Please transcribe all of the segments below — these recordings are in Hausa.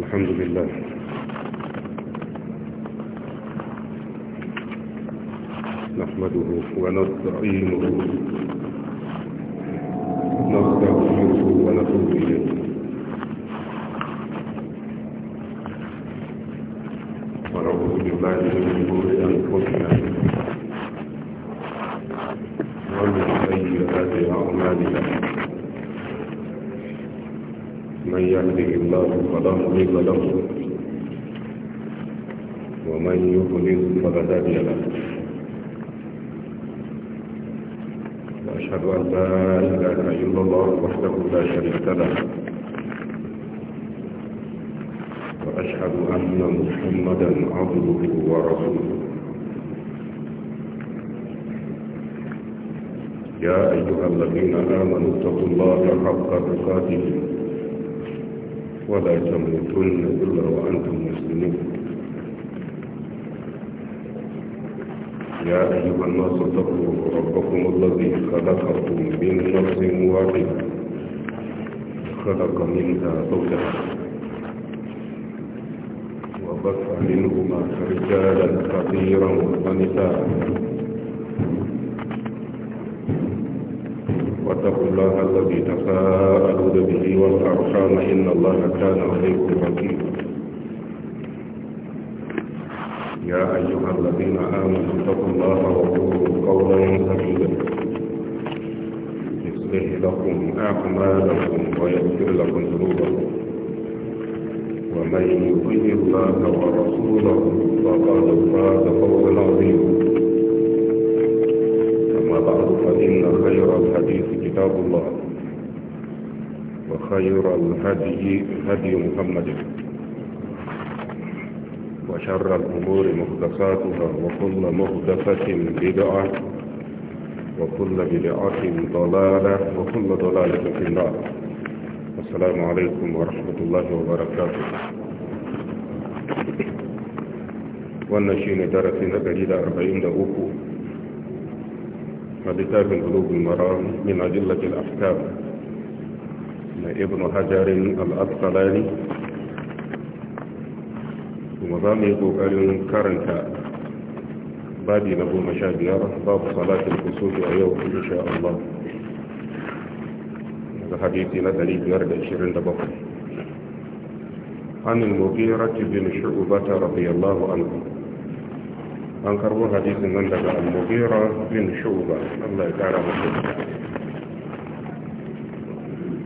الحمد لله نحمده ونستعينه نستغفره ونتوب إليه ونعوذ بالله من شرور أنفسنا الله فلا مضل له ومن يضلل فلا هادي له واشهد ان لا اله الا الله وحده لا شريك له واشهد ان محمدا عبده ورسوله يا أيها الذين آمنوا اتقوا الله حق تقاته ولا تموتن إلا وأنتم مسلمون يا أيها الناس اتقوا ربكم الذي خلقكم من نفس واحدة خلق منها زوجها وبث منهما رجالا كثيرا ونساء واتقوا الله الذي تساءلون به والأرحام إن الله كان عليكم وكيلا يا أيها الذين آمنوا اتقوا الله وقولوا قولا سديدا يصلح لكم أعمالكم ويغفر لكم ذنوبكم ومن يطيع الله ورسوله فقد فاز فوزا عظيما أما بعد فإن خير الحديث كتاب الله وخير الهدي هدي محمد وشر الأمور مهدساتها وكل مهدسة بدعة وكل بدعة ضلالة وكل ضلالة في النار السلام عليكم ورحمة الله وبركاته wannan shi ne darasi na لتاف القلوب المرام من أجلة الأحكام ابن حجر الأبطلاني وظامي قوكال كارنكا بادي نبو مشابير باب صلاة الخصوص أيوه إن شاء الله هذا حديثي ندري بيارد أشيرين دبقى عن المغيرة بن شعوبة رضي الله عنه an karbo hadisin nan daga al-mughira bin shu'ba Allah ya kara masa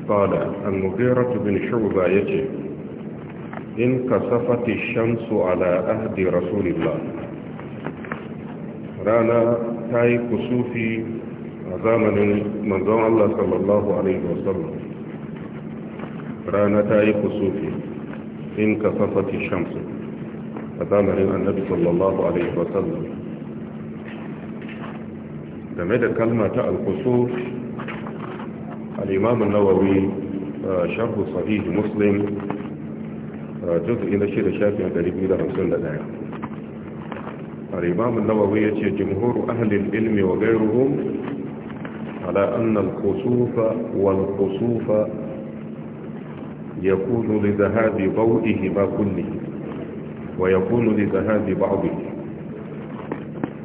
قال المغيرة بن شعبة يتي إن كسفت الشمس على أهد رسول الله رانا تاي كسوفي زمن منظوم الله صلى الله عليه وسلم رانا تاي كسوفي إن كسفت الشمس فبعنا لنا النبي صلى الله عليه وسلم دمد كلمة القصور الإمام النووي آه، شرح صحيح مسلم آه، جزء نشير شافي عند ابن الله سنة الإمام النووي يتي جمهور أهل العلم وغيرهم على أن القصوف والقصوف يكون لذهاب ضوئهما كله Wa ya kunu ويكون لذهاب بعضه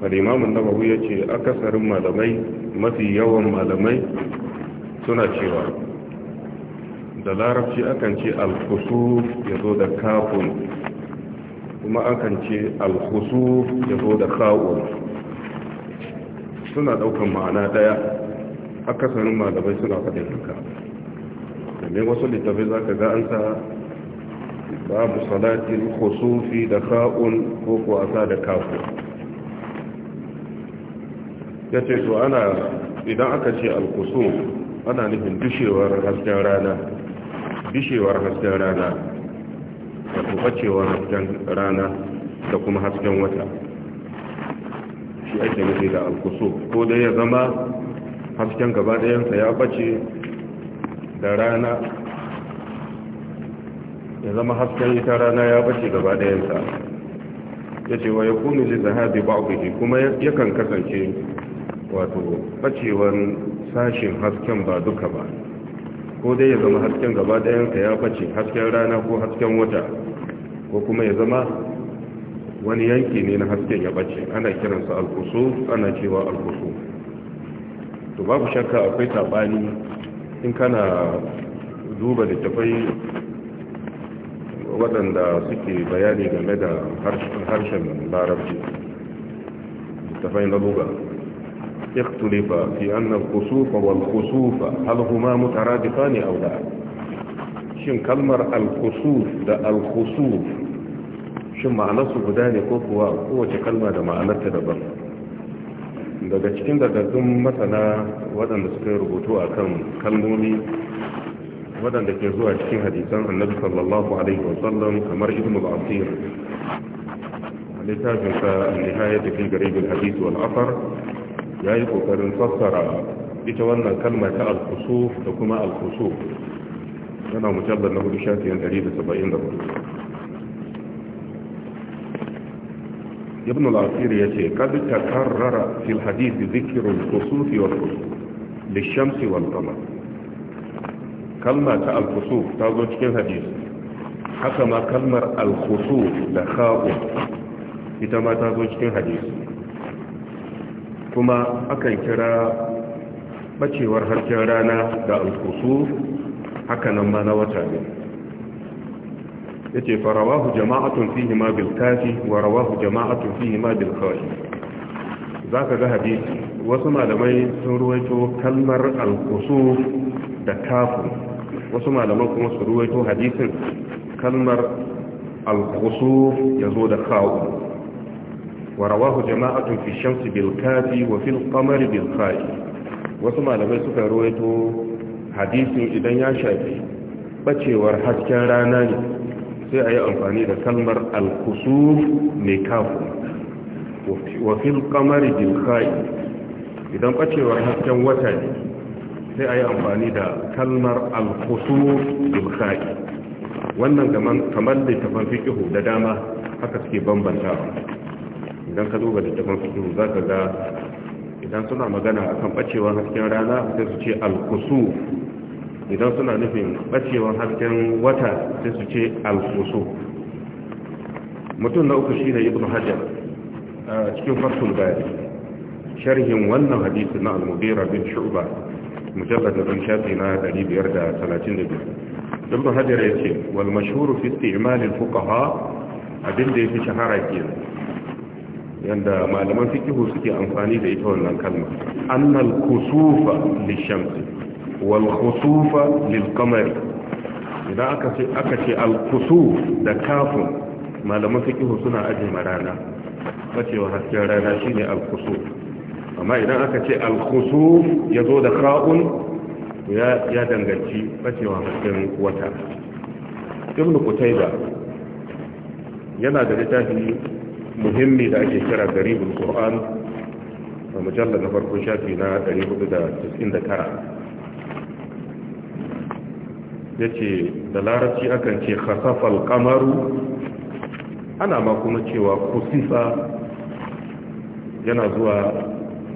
الإمام النووي يجي أكثر مالمي malamai mafi yawan malamai suna cewa. da larabci akan ce alkhusuf ya zo da kafun. kuma akan ce alkhusuf ya zo da kawun suna daukan ma'ana daya akasarin malamai suna fadin haka domin wasu littafai za ka ga an sa babu salatin khusufi da ka'un ko kuwasa da kafu ya ce to ana idan aka ce alkusuf ana nufin bishewar hasken rana hasken rana da hasken rana da kuma hasken wata shi ake nufi da alkusu ko dai ya zama hasken gaba ɗayansa ya bace da rana ya zama hasken ita rana ya bace gaba ɗayansa ya ce wa ya kunu zai zahabi ba'ubihi kuma yakan kasance wato bacewan sashin hasken ba duka ba ko dai ya zama hasken gaba ɗayansa ya bace hasken rana ko hasken wata ko kuma ya zama wani yanki ne na hasken ya bace ana kiransa alkusu ana cewa alkusu to babu shakka akwai saɓani in kana duba da tafai waɗanda suke bayani game da harshen larabci littafai na buga iktulifa fi annan kusufa wal kusufa alhuma mutaradifa ne auda shin kalmar al-kusuf da al-kusuf shin ma'anarsu guda ne ko kuwa kowace kalma da ma'anarta daban daga cikin dagagun masana waɗanda suka yi rubutu a kan kalmomi waɗanda ke zuwa cikin hadisan annabi sallallahu alaihi wasallam kamar ibn al-asir a littafin sa nihaya fi garib al-hadith wal afar yayi kokarin fassara ita wannan kalma ta al-khusuf da kuma al-khusuf yana mujallal na hudu shafiyan 174 ibn al-asir yace kad takarrara fil hadith dhikru al-khusuf wal khusuf للشمس والقمر kalma ta al ta zo cikin hadisi haka ma kalmar al da kha'u ita ma ta zo cikin hadisi kuma akan kira bacewar harken rana da al-khusuf haka nan ma na wata ne yace farawahu jama'atun fihi ma bil kafi wa rawahu jama'atun fihi ma bil khafi zaka ga hadisi wasu malamai sun ruwaito kalmar al da kafin wasu malaman kuma su ruwaito hadisin kalmar al ya yazo da kawo wa rawahu jama'atun fi shamsi bil kafi wa fil qamari bil wasu malamai suka ruwaito hadisin idan ya shafi bacewar hasken rana ne sai ayi amfani da kalmar al-khusuf mai kafu wa fil qamari bil idan bacewar hasken wata ne sai a yi amfani da kalmar alkusur bilkhai wannan gaman kamar littafin fikihu da dama haka suke bambanta idan ka duba littafin fikihu za ka ga idan suna magana a kan ɓacewar hasken rana sai su ce alkusur idan suna nufin ɓacewar hasken wata sai su ce alkusur mutum na uku shi ne ibn hajjar cikin fasul bari sharhin wannan hadisi na al-mughira bin shu'ba mujallar shafi na 532 ɗin ba hajjar ya ce wal mashuru fi isti'malin fuqaha abin da ya fi shahara ke yanda malaman fikihu suke amfani da ita wannan kalma annal kusufa lishamsi wal kusufa lil qamari idan aka ce aka ce al da kafun malaman fikihu suna ma marana bacewa hasken rana shine al amma idan aka ce al ya zo da kha'un ya danganci bacewa cikin wata ibn kutaiba yana da littafi muhimmi da ake kira garibul qur'an a mujallar na farko shafi na 499 ya ce da larabci akan ce khasafal kamaru ana ma kuma cewa kusifa yana zuwa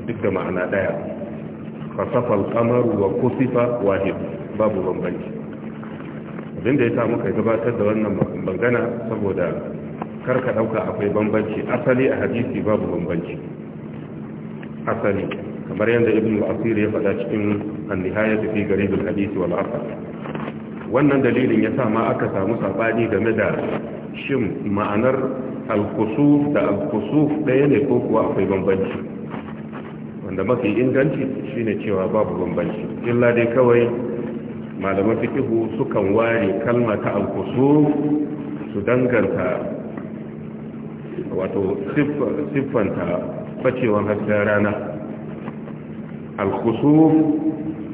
duk da ma'ana daya fasafal kamaru wa kusifa wahid babu bambanci abinda ya samu muka gabatar da wannan bangana saboda karka dauka akwai bambanci asali a hadisi babu bambanci asali kamar yadda ibn al-asir ya faɗa cikin an-nihaya fi garib al-hadisi wal asr wannan dalilin ya sa ma aka samu sabani game da shin ma'anar al da al ɗaya ne ko kuwa akwai bambanci wanda mafi inganci shine cewa babu bambanci illa dai kawai malaman fikihu sukan ware kalma ta alkusu su danganta wato siffanta bacewan hasken rana alkusu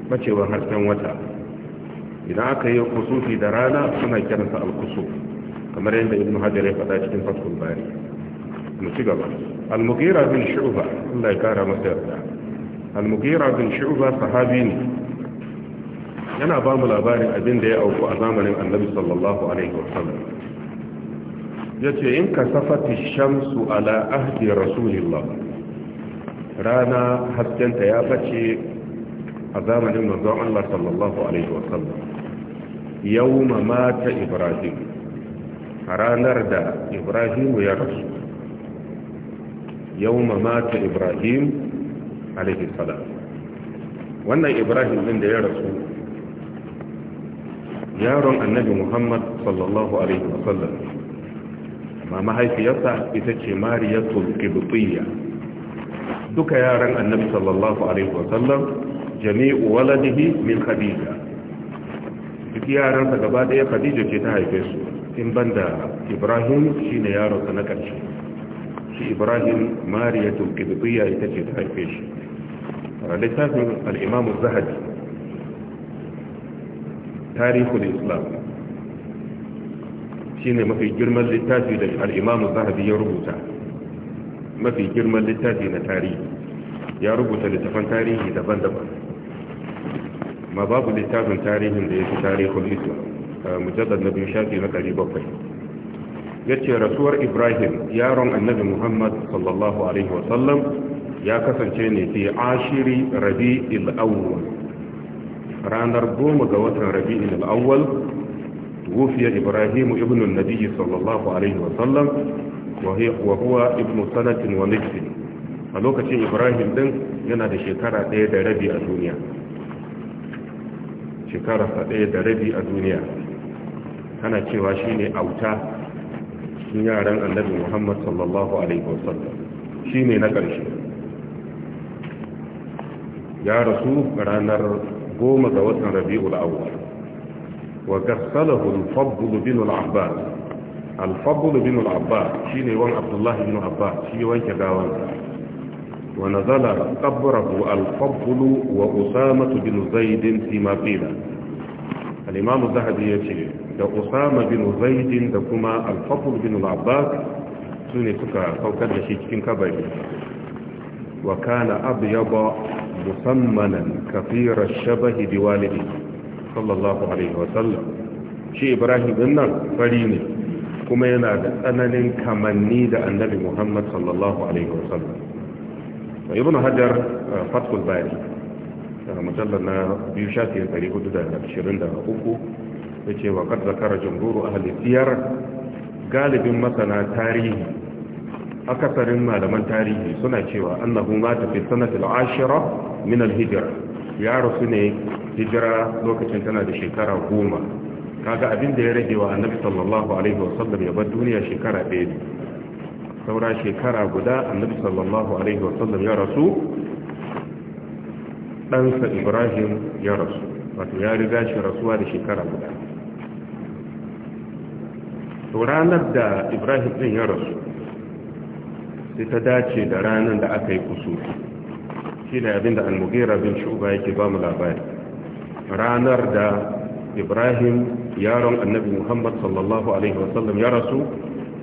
bacewan hasken wata idan aka yi kusufi da rana suna kiranta alkusu kamar yadda ibn hajar ya faɗa cikin fasul bari mu ci gaba al-mughira bin shu'ba Allah ya kara masa yarda al-mughira bin shu'ba sahabi ne yana ba mu labarin abin da ya auku a zamanin annabi sallallahu alaihi wasallam yace in kasafati shamsu ala ahdi rasulillah rana haskenta ya bace a zamanin manzon Allah sallallahu alaihi wasallam yawma mata ibrahim ranar da ibrahim ya rasu yawma mata ibrahim alaihi salam wannan ibrahim din da ya rasu yaron annabi muhammad sallallahu alaihi wasallam amma mahaifiyarsa ita ce Mariyatu qibtiyya duka yaran annabi sallallahu alaihi wasallam jami'u waladihi min khadija duk yaransa gaba daya khadija ce ta haife su in banda ibrahim shine yaronsa na ƙarshe shi ibrahim Mariyatu qibtiyya ita ce ta haife shi الإسلام الإمام الزهدي تاريخ الإسلام شين ما في جرم للتاتي الإمام الزهدي يربط ما في جرم للتاتي تاريخ يربط لتفن تاريخ دفن دفن ما باب للتاب تاريخ ليس تاريخ الإسلام مجدد نبي شاكي نتالي بطي يتشي رسول إبراهيم يارن النبي محمد صلى الله عليه وسلم ya kasance ne fi ashiri rabi awwal ranar goma ga watan rabi'il awwal wufiya Ibrahimu ibn an sallallahu alaihi wa sallam wa huwa ibn sanatin wa nisfi a lokacin ibrahim din yana da shekara ɗaya da rabi a duniya shekara sa ɗaya da rabi a duniya ana cewa shi ne auta yaran annabi muhammad sallallahu alaihi wa sallam shi ne na ƙarshe ya rasu ranar goma ga watan rabi'ul awwal wa gassalahu al-fadl bin al-abbas al-fadl bin al-abbas shine wan abdullah bin abbas shi wanke gawan wa nazala qabrahu al-fadl wa usama bin zaid fi ma qila al-imam az-zahabi yace da usama bin zaid da kuma al-fadl bin al-abbas sune suka saukar da shi cikin kabari wa kana abyada مصمنا كثير الشبه بوالده صلى الله عليه وسلم شي إبراهيم بن نعم، فريني كما ينادى أنني كمني دا النبي محمد صلى الله عليه وسلم ابن هجر آه، فتح الباري آه، مجلنا بيشاتي الفريق دا نبشرين دا وقد ذكر جمهور أهل السيارة غالب مثلا تاريخ akasarin malaman tarihi suna cewa annahu mata fi sanatil ashira min al-hijra ya rasu ne hijira lokacin tana da shekara goma kaga abin da ya rage wa annabi sallallahu alaihi wasallam ya bar duniya shekara ɗaya ne saura shekara guda annabi sallallahu alaihi wasallam ya rasu ɗansa ibrahim ya rasu wato ya riga shi rasuwa da shekara guda to ranar da ibrahim ɗin ya rasu sai ta dace da ranar da aka yi kusufi shi da abin da almugera bin shuba yake ba mu labari ranar da ibrahim yaron annabi muhammad sallallahu alaihi wasallam ya rasu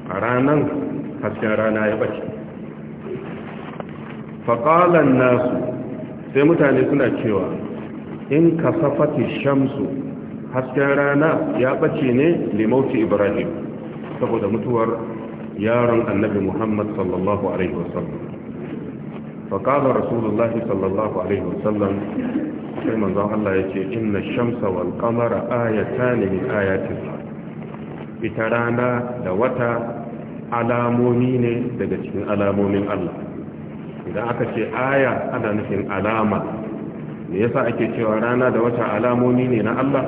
a ranar hasken rana ya bace faƙalan nasu sai mutane suna cewa in ka safati shamsu hasken rana ya bace ne limauti ibrahim saboda mutuwar yaron annabi muhammad sallallahu alaihi wasallam faƙalar rasulullah sallallahu alaihi wasallam sai manzon Allah ya ce inna shamsa wal qamara ayatan min ayatin ita rana da wata alamomi ne daga cikin alamomin Allah idan aka ce aya ana nufin alama me yasa ake cewa rana da wata alamomi ne na Allah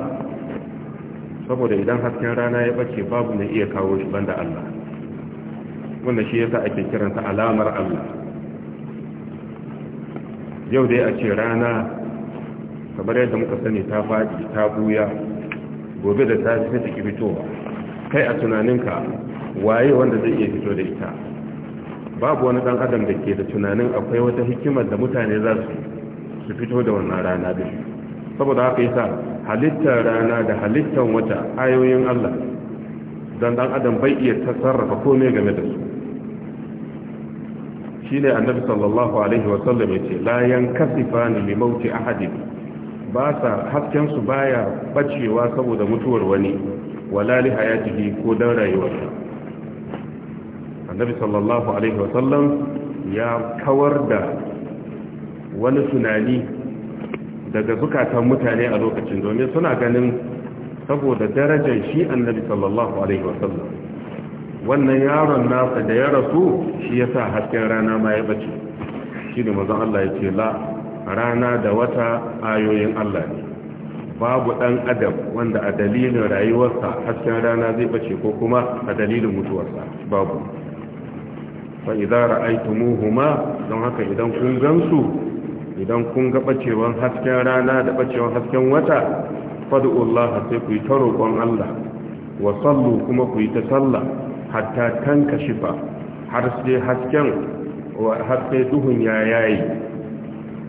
saboda idan hasken rana ya bace babu mai iya kawo shi banda Allah wanda shi yasa ake kiranta alamar Allah yau dai a ce rana kamar yadda muka sani ta faɗi ta buya gobe da ta fi ki fitowa kai a tunaninka waye wanda zai iya fito da ita babu wani dan adam da ke da tunanin akwai wata hikimar da mutane za su fito da wannan rana da saboda haka yasa halittar rana da halittar wata ayoyin Allah dan dan adam bai iya tsarrafa komai game da su shine annabi sallallahu alaihi wa sallam yace la yankasifani li mauti ahadin ba sa hasken su baya bacewa saboda mutuwar wani wala li hayatihi ko dan rayuwar annabi sallallahu alaihi wa sallam ya kawar da wani tunani daga zukatan mutane a lokacin domin suna ganin saboda darajar shi annabi sallallahu alaihi wa sallam wannan yaron nasa da ya rasu shi ya sa hasken rana ma ya bace shi ne mazan Allah ya ce la rana da wata ayoyin Allah ne babu ɗan adam wanda a dalilin rayuwarsa hasken rana zai bace ko kuma a dalilin mutuwarsa babu fa idza ra'aytumuhuma don haka idan kun gansu idan kun ga bacewan hasken rana da bacewan hasken wata fad'u Allah sai ku yi ta roƙon Allah wa sallu kuma ku yi ta sallah hatta tanka shifa har sai hasken har sai duhun ya yayi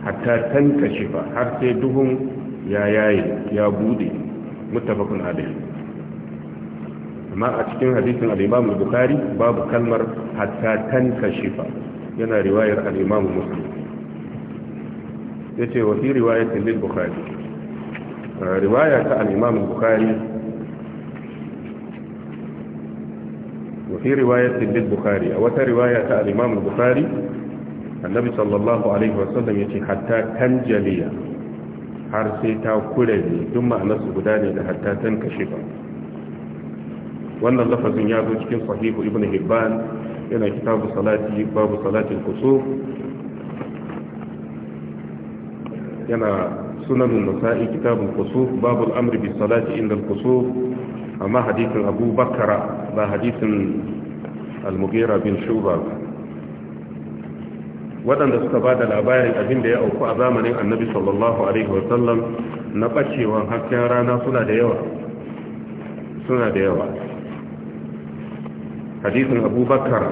hatta tanka shifa har sai duhun ya yayi ya bude muttafaqun alayhi amma a cikin hadisin al-Imam bukhari babu kalmar hatta tanka shifa yana riwayar al-Imam Muslim yace wa fi riwayatin lil-Bukhari riwaya ta al-Imam bukhari fi riwayatin lil bukhari a wata riwaya ta al-imam annabi sallallahu alaihi wasallam yace hatta tanjaliya har sai ta kurebe duk ma'anar guda ne da hatta tan kashe ba wannan lafazin ya cikin sahihu ibnu hibban yana babu yana amri bis salati kusuf amma hadisin abu bakara ba hadisin almugera bin shuba waɗanda suka ba da labarin abin da ya auku a zamanin annabi sallallahu alaihi wasallam na ɓacewan hasken rana suna da yawa suna da yawa hadisin abubakar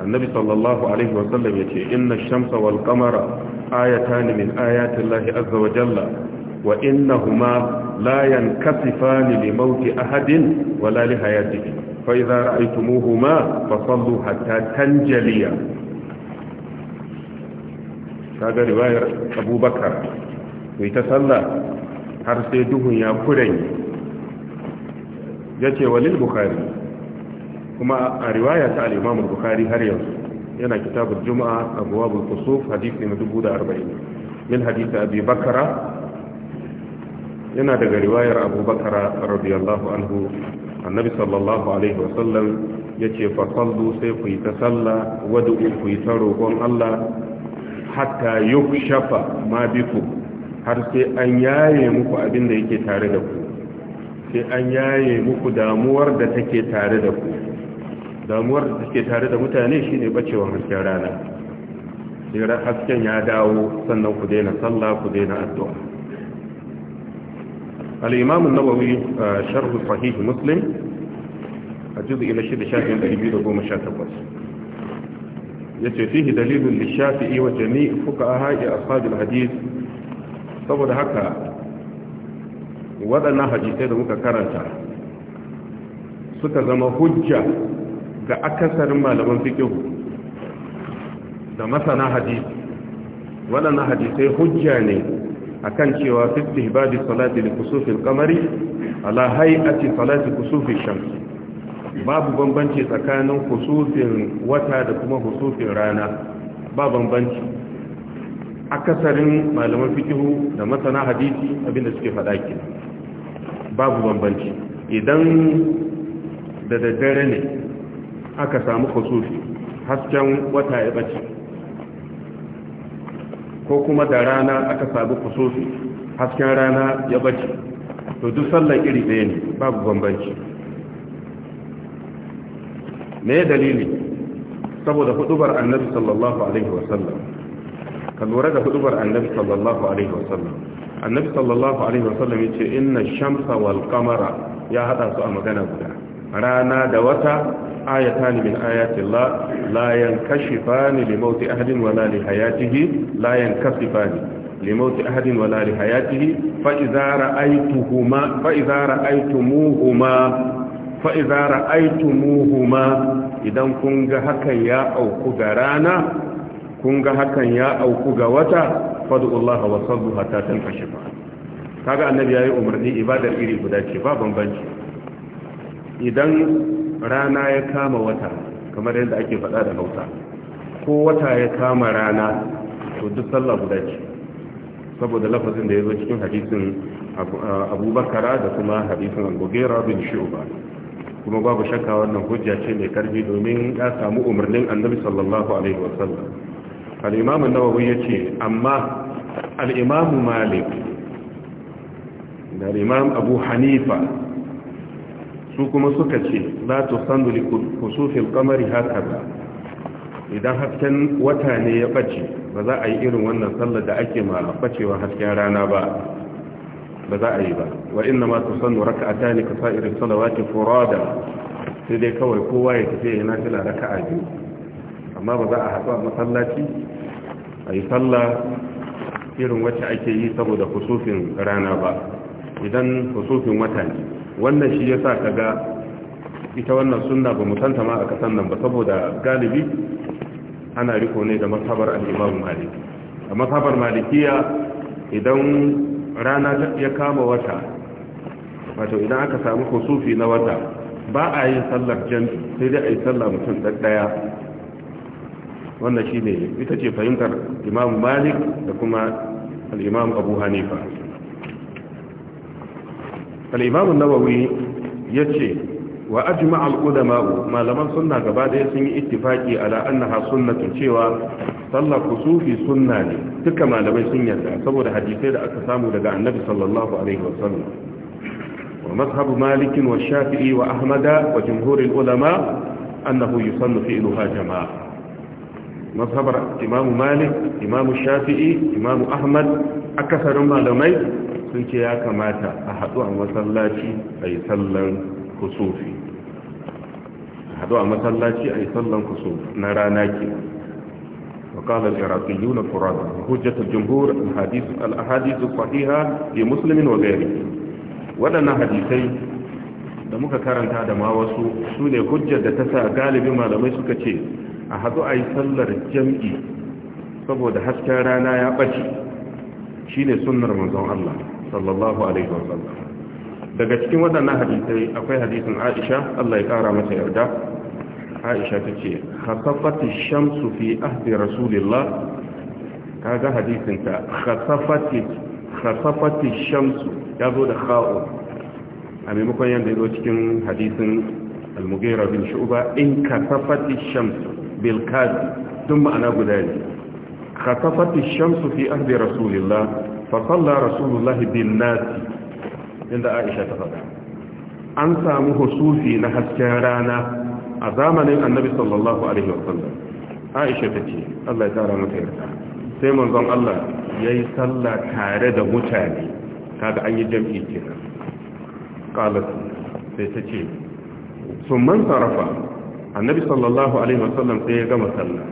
annabi sallallahu alaihi wasallam ya ce inna shamsa wal kamara ayata ne min ayatin lahi azza wa jalla wa innahuma la yankasifani li mauti ahadin wala li hayatihi fa idza ra'aytumuhuma fasallu hatta tanjaliya kaga riwayar Abu abubakar mai ta sallah har sai duhun ya kuren ya ce walil bukari kuma a riwaya ta al'imamul bukari har yanzu yana kitabul juma'a abuwa bulkusuf hadisi na 40 min hadisi abi bakara yana daga riwayar abubakar radiyallahu anhu annabi sallallahu alaihi wasallam ya ce fasallu sai ku yi ta salla wadda ku yi ta roƙon allah hatta yi ku shafa ma bi ku har sai an yaye muku abin da yake tare da ku sai an yaye muku damuwar da take tare da ku damuwar da take tare da mutane shine bacewan hasken rana sai hasken ya dawo sannan ku daina sallah ku daina addu'a الإمام النووي شرح صحيح مسلم الجزء إلى شد شافعي الأربيد وقوم الشاتقص يتي فيه دليل للشافعي وجميع فقهاء أصحاب الحديث saboda haka waɗannan hadisai da muka karanta suka zama hujja ga akasarin malaman da masana hadisi waɗannan hadisai hujja ne akan cewa fi istihbabi salati li kusufil qamari ala hay'ati salati kusufi shams babu bambanci tsakanin kusufin wata da kuma kusufin rana ba bambanci akasarin malaman fikihu da masana hadisi abinda suke faɗa ke babu bambanci idan da daddare ne aka samu kusufi hasken wata ya bace ko kuma da rana aka sabu kususi hasken rana ya bace to duk sallar iri ɗaya ne babu bambanci me dalili saboda hudubar annabi sallallahu alaihi wasallam ka lura da hudubar annabi sallallahu alaihi wasallam annabi sallallahu alaihi wasallam ce, inna shamsa wal kamara ya hada su a magana guda rana da wata ayatan min ayati Allah la yankashifani li mauti ahadin wala li hayatihi la yankasifani li mauti ahadin wala li hayatihi fa idza ra'aytuhuma fa idza ra'aytumuhuma idan ga hakan ya auku ga rana kun ga hakan ya auku ga wata fadullaha wa sallu hatta kaga annabi yayi ibadar iri ba bambanci rana ya kama wata kamar yadda ake faɗa da hausa ko wata ya kama rana to duk sallah guda ce saboda lafazin da ya zo cikin hadisin abubakara eh, da kuma hadisin al bin shuba kuma babu shakka wannan hujja ce mai karfi domin ya samu umarnin annabi sallallahu alaihi wasallam al-imam an-nawawi yace amma al-imam malik da al-imam abu hanifa su kuma suka ce za ta sandu da kusufin kamari haka ba idan hasken wata ne ya ɓace ba za a yi irin wannan sallar da ake ma ɓacewa hasken rana ba ba za a yi ba wa inna ma ta sandu raka a tani ka sa irin salawati furada sai dai kawai kowa ya tafi yana fila raka a biyu amma ba za a haɗu a masallaci a yi sallah irin wacce ake yi saboda kusufin rana ba idan hususin wata ne wannan shi yasa ga ita wannan sunna ba musanta ma a kasan nan ba saboda galibi ana riko ne da masabar al-Imam Malik a masabar Malikiya idan rana ya kama wata wato idan aka samu husufi na wata ba a yin sallar jan sai dai a yi sallar mutum ɗaya wannan shi ne ita ce fahimtar imam malik da kuma al'imam abu hanifa al-imam an-nawawi yace wa ajma' al malaman sunna gaba daya sun yi ittifaki a annaha sunnatun cewa sallar kusufi sunna ne duka malamai sun yarda saboda hadisai da aka samu daga annabi sallallahu alaihi wasallam ومذهب مالك والشافعي وأحمد وجمهور العلماء أنه يصن فعلها جماعة مذهب إمام مالك إمام الشافعي إمام أحمد أكثر ما لمي sun ce ya kamata a haɗu a masallaci a yi sallan kusufi haɗu a masallaci a yi sallan kusufi na rana ke وقال العراقيون فراد حجة الجمهور الحديث الأحاديث الصحيحة لمسلم وغيره ولنا حديثين da muka karanta da ma wasu su ne hujjar da ta sa galibin malamai suka ce a haɗu a yi sallar jam'i saboda hasken rana ya ɓace shi ne sunnar manzon Allah sallallahu alaihi wasallam daga cikin waɗannan hadisai akwai hadisin Aisha Allah ya kara mata yarda Aisha tace khasafati shamsu fi ahdi rasulillah kaga hadisin ta khasafati khasafati shamsu yazo da kha'u a maimakon yanda yazo cikin hadisin al-Mughira bin Shu'ba in khasafati shamsu bil kadhi dun ma'ana guda ne khasafati shamsu fi ahdi rasulillah fasalla rasulullahi bin nasi inda aisha ta faɗa an samu husufi na hasken rana a zamanin annabi sallallahu alaihi wasallam aisha ta ce allah ya tara mata yarda sai manzon allah ya yi sallah tare da mutane kaga an yi jam'i kenan qalat sai ta ce sun man sarafa annabi sallallahu alaihi wasallam sai ya gama sallah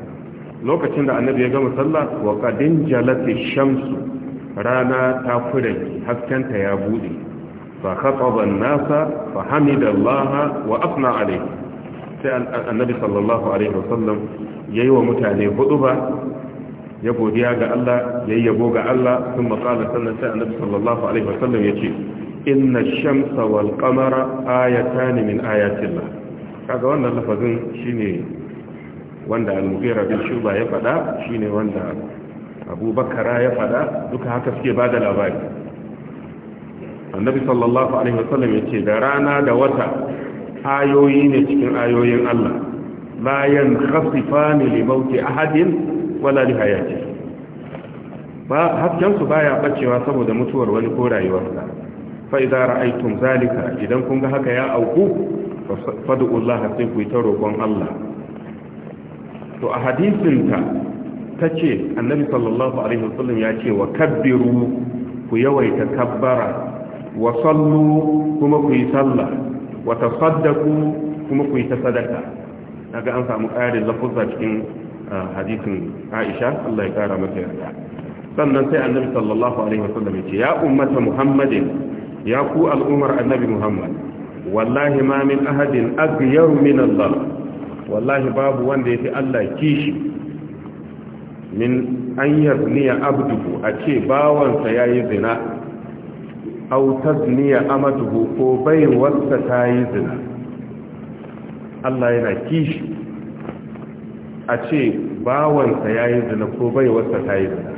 lokacin da annabi ya gama sallah wa qadin jalati shamsu rana ta kuranye haskenta ya bude fa khataba an-nasa fa hamida Allah wa afna alayhi sai annabi sallallahu alaihi wasallam yayi wa mutane huduba ya godiya ga Allah yayi yabo ga Allah kuma qala sannan sai annabi sallallahu alaihi wasallam yace inna ash-shamsa wal qamara ayatan min ayati Allah kaga wannan lafazin shine wanda al-mughira bin shuba ya fada shine wanda abubakar ya fada duka haka suke ba da labari annabi sallallahu alaihi wasallam ya ce da rana da wata ayoyi ne cikin ayoyin Allah bayan khasifani li mauti ahadin wala li hayati ba hakkan su baya bacewa saboda mutuwar wani ko sa. fa idza ra'aytum zalika idan kun ga haka ya auku fad'u Allah sai ku yi ta roƙon Allah to a hadisin ta ta ce annabi sallallahu alaihi wasallam ya ce wa kabbiru ku yawaita kabbara wa sallu kuma ku yi sallah wa tasaddaku kuma ku yi ta sadaka daga an samu ƙarin lafuzza cikin ah, hadisin Aisha Allah ya kara mata yarda sannan sai annabi sallallahu alaihi wasallam ya ce ya ummata muhammadin ya ku al'ummar annabi muhammad wallahi ma min ahadin aghyaru min Allah wallahi babu wanda yafi Allah kishi min an yazniya abduhu a ce bawansa ya yi zina autar tazniya amadu ko baiwarsa ta yi zina Allah yana kishi a ce bawansa ya yi zina ko baiwarsa ta yi zina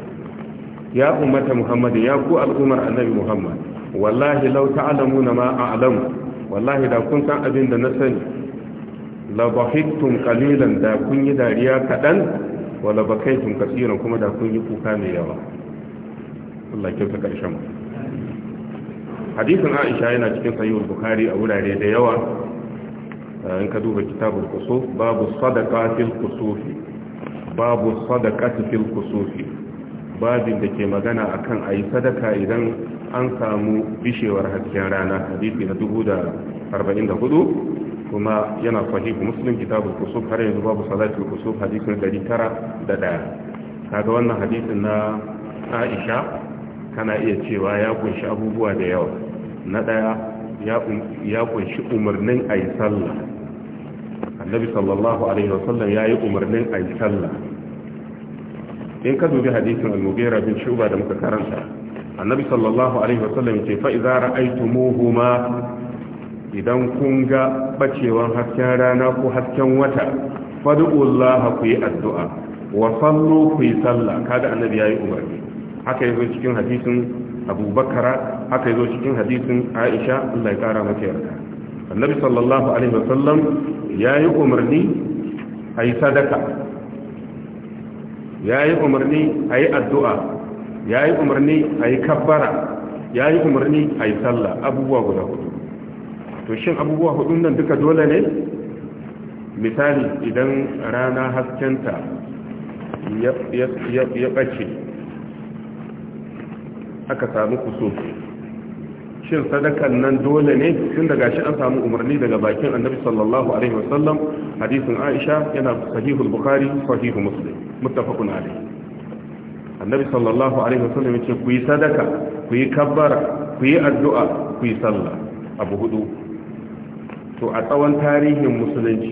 ya ummata muhammadin ya ku al'ummar annabi muhammad wallahi lau ta'alamu na ma'alamu wallahi da kun san abin da na sani labahittun kalilan da kun yi dariya kaɗan wala ka kasiran kuma da kun yi kuka mai yawa Allah kyauta karshen mu hadisin Aisha yana cikin sahihul Bukhari a wurare da yawa eh, in ka duba kitabul kusuf babu sadaqatil kusufi babu sadaqatil kusufi babin da ke magana akan ayi sadaka idan an samu bishewar hasken rana hadisi na 44 kuma yana sahihu muslim kitabul kusuf har yanzu babu salatul kusuf hadisin 901 kaga wannan hadisin na Aisha kana iya cewa ya kunshi abubuwa da yawa na daya ya kunshi umarnin ayi sallah annabi sallallahu alaihi wasallam yayi umarnin ayi sallah in ka dubi hadisin al-mughira bin shuba da muka karanta annabi sallallahu alaihi wasallam ya ce fa idza ra'aytumuhuma idan kun ga bacewan hasken rana ko hasken wata ullaha ku yi addu'a wa sallu ku yi sallah kaga annabi yayi umarni haka yazo cikin hadisin abubakar haka yazo cikin hadisin aisha Allah ya kara mata yarda annabi sallallahu alaihi wasallam yayi umarni ayi sadaka yayi umarni ayi addu'a yayi umarni ayi kabbara yayi umarni ayi sallah abubuwa guda hudu to shin abubuwa hudun nan duka dole ne misali idan rana haskenta ya ɓace aka samu kuso shin sadakan nan dole ne tun daga shi an samu umarni daga bakin annabi sallallahu alaihi wasallam hadisin aisha yana sahihul bukhari sahihu muslim muttafaqun alaihi annabi sallallahu alaihi wasallam ce ku yi sadaka ku yi kabbara ku yi addu'a ku yi sallah abu hudu to a tsawon tarihin musulunci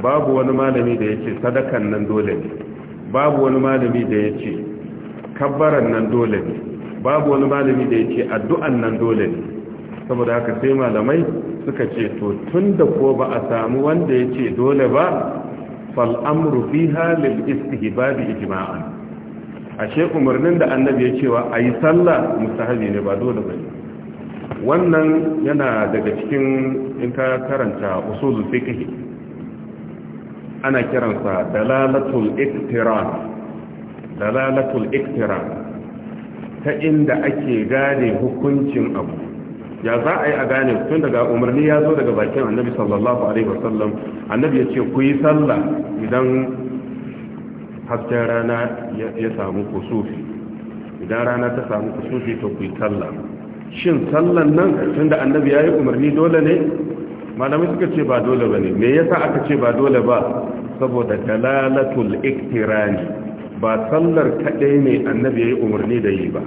babu wani malami da ya ce sadakan nan dole ne babu wani malami da ya ce kabbaran nan dole ne babu wani malami da ya ce addu'an nan dole ne saboda haka sai malamai suka ce to tun da ko ba a samu wanda ya ce dole ba fal'amru fiha lil istihbabi ijma'an ashe umarnin da annabi ya cewa yi sallah mustahabi ne ba dole bane wannan yana daga cikin in ka karanta usulul fiqh ana kiransa dalalatul iktiran dalalatul iktiran ta inda ake gane hukuncin abu ya za a yi a gane tun daga umarni ya zo daga bakin annabi sallallahu alaihi wasallam annabi ya ce ku yi sallah idan hasken rana ya samu kusufi idan rana ta samu kusufi to ku yi sallah shin sallan nan da annabi ya yi umarni dole ne malamai suka ce ba dole ba ne me yasa aka ce ba dole ba saboda dalalatul iktirani ba sallar kaɗai ne annabi ya yi umarni da yi ba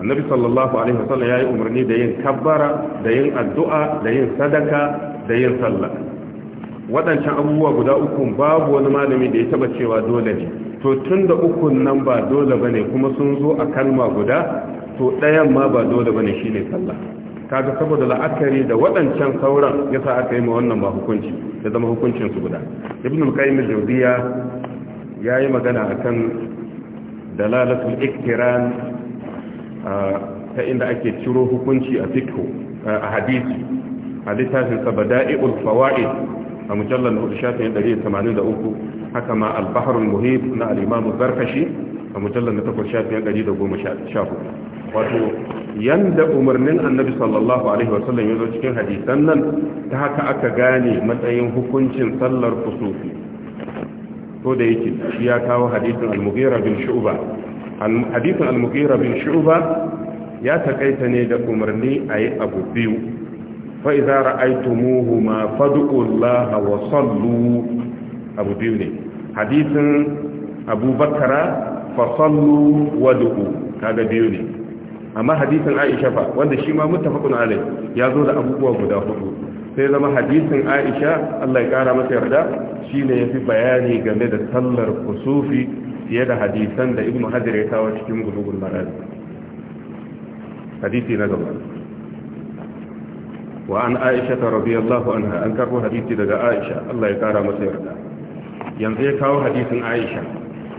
annabi sallallahu alaihi wasallam ya yi umarni da yin kabbara da yin addu'a da yin sadaka da yin sallah waɗancan abubuwa guda uku babu wani malami da ya taba cewa dole ne to tun da ukun nan ba dole ba ne kuma sun zo a kalma guda to ɗayan ma ba dole ba ne shi ne sallah kaga saboda la'akari da waɗancan sauran ya sa aka yi ma wannan ba hukunci ya zama hukuncinsu guda ibn al-qayyim al-jawziya ya yi magana akan dalalatul iktiran ta inda ake ciro hukunci a fiqh a hadisi a littafin bada'i ul fawaid a mujallal haka ma albaharul muhib na al-imam zarkashi a mujallar na takwas da goma 814 wato yanda umarnin annabi sallallahu alaihi wasallam zo cikin hadisan nan ta haka aka gane matsayin hukuncin sallar kusufi ko da yake shi ya kawo hadisin al-mughira bin shu'ba hadisin al-mughira bin shu'ba ya takaita ne da umarni a yi abu biyu fa idza ra'aytumuhuma fad'u allaha wa sallu abu biyu ne hadisin abubakara fasallu wadu'u kaga biyu ne amma hadisin aisha ba wanda shi ma muttafaqun alai ya zo da abubuwa guda hudu sai zama hadisin aisha Allah ya kara masa yarda shine yafi bayani game da sallar kusufi fiye da hadisan da ibn hajar ya kawo cikin gulugul marad hadisi na gaba wa an aisha Rabi anha an karbo hadisi daga aisha Allah ya kara masa yarda yanzu ya kawo hadisin aisha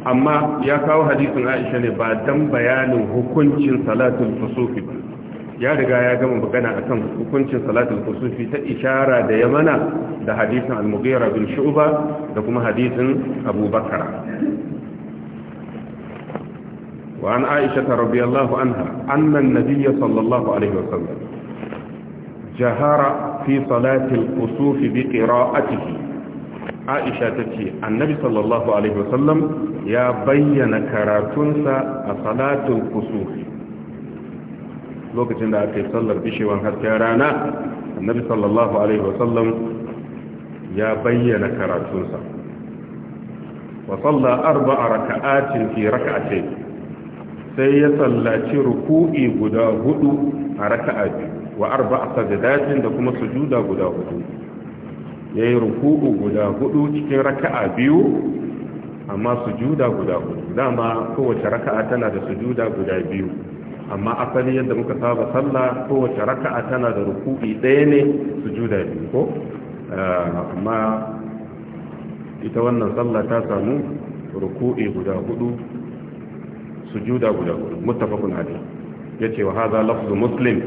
amma ya kawo hadisin aisha ne ba dan bayanin hukuncin salatul kusufi ba ya riga ya gama magana akan hukuncin salatul kusufi ta ishara da yamana da hadisin al-mughira bin shu'ba da kuma hadisin abubakar وعن عائشة رضي الله عنها أن النبي صلى الله عليه وسلم جهر في صلاة القصوف بقراءته aisha ta ce annabi sallallahu alaihi wasallam ya bayyana karatunsa a salatul kusur lokacin da aka yi sallar bishewan hasken rana annabi sallallahu alaihi wasallam ya bayyana karatunsa wa salla arba'a raka'atin fi raka'atayn sai ya sallaci ruku'i guda hudu a raka'a biyu wa arba'a sajadatin da kuma sujuda guda hudu ya yi ruku'u guda hudu cikin raka'a biyu amma su juda guda hudu dama kowace raka'a tana da su juda guda biyu amma asali yadda muka saba sallah kowace raka'a tana da ruku'i ɗaya ne juda biyu ko eh, amma ita wannan sallah ta samu ruku'i guda hudu juda guda hudu hadi ya yace wa haza lafzu muslim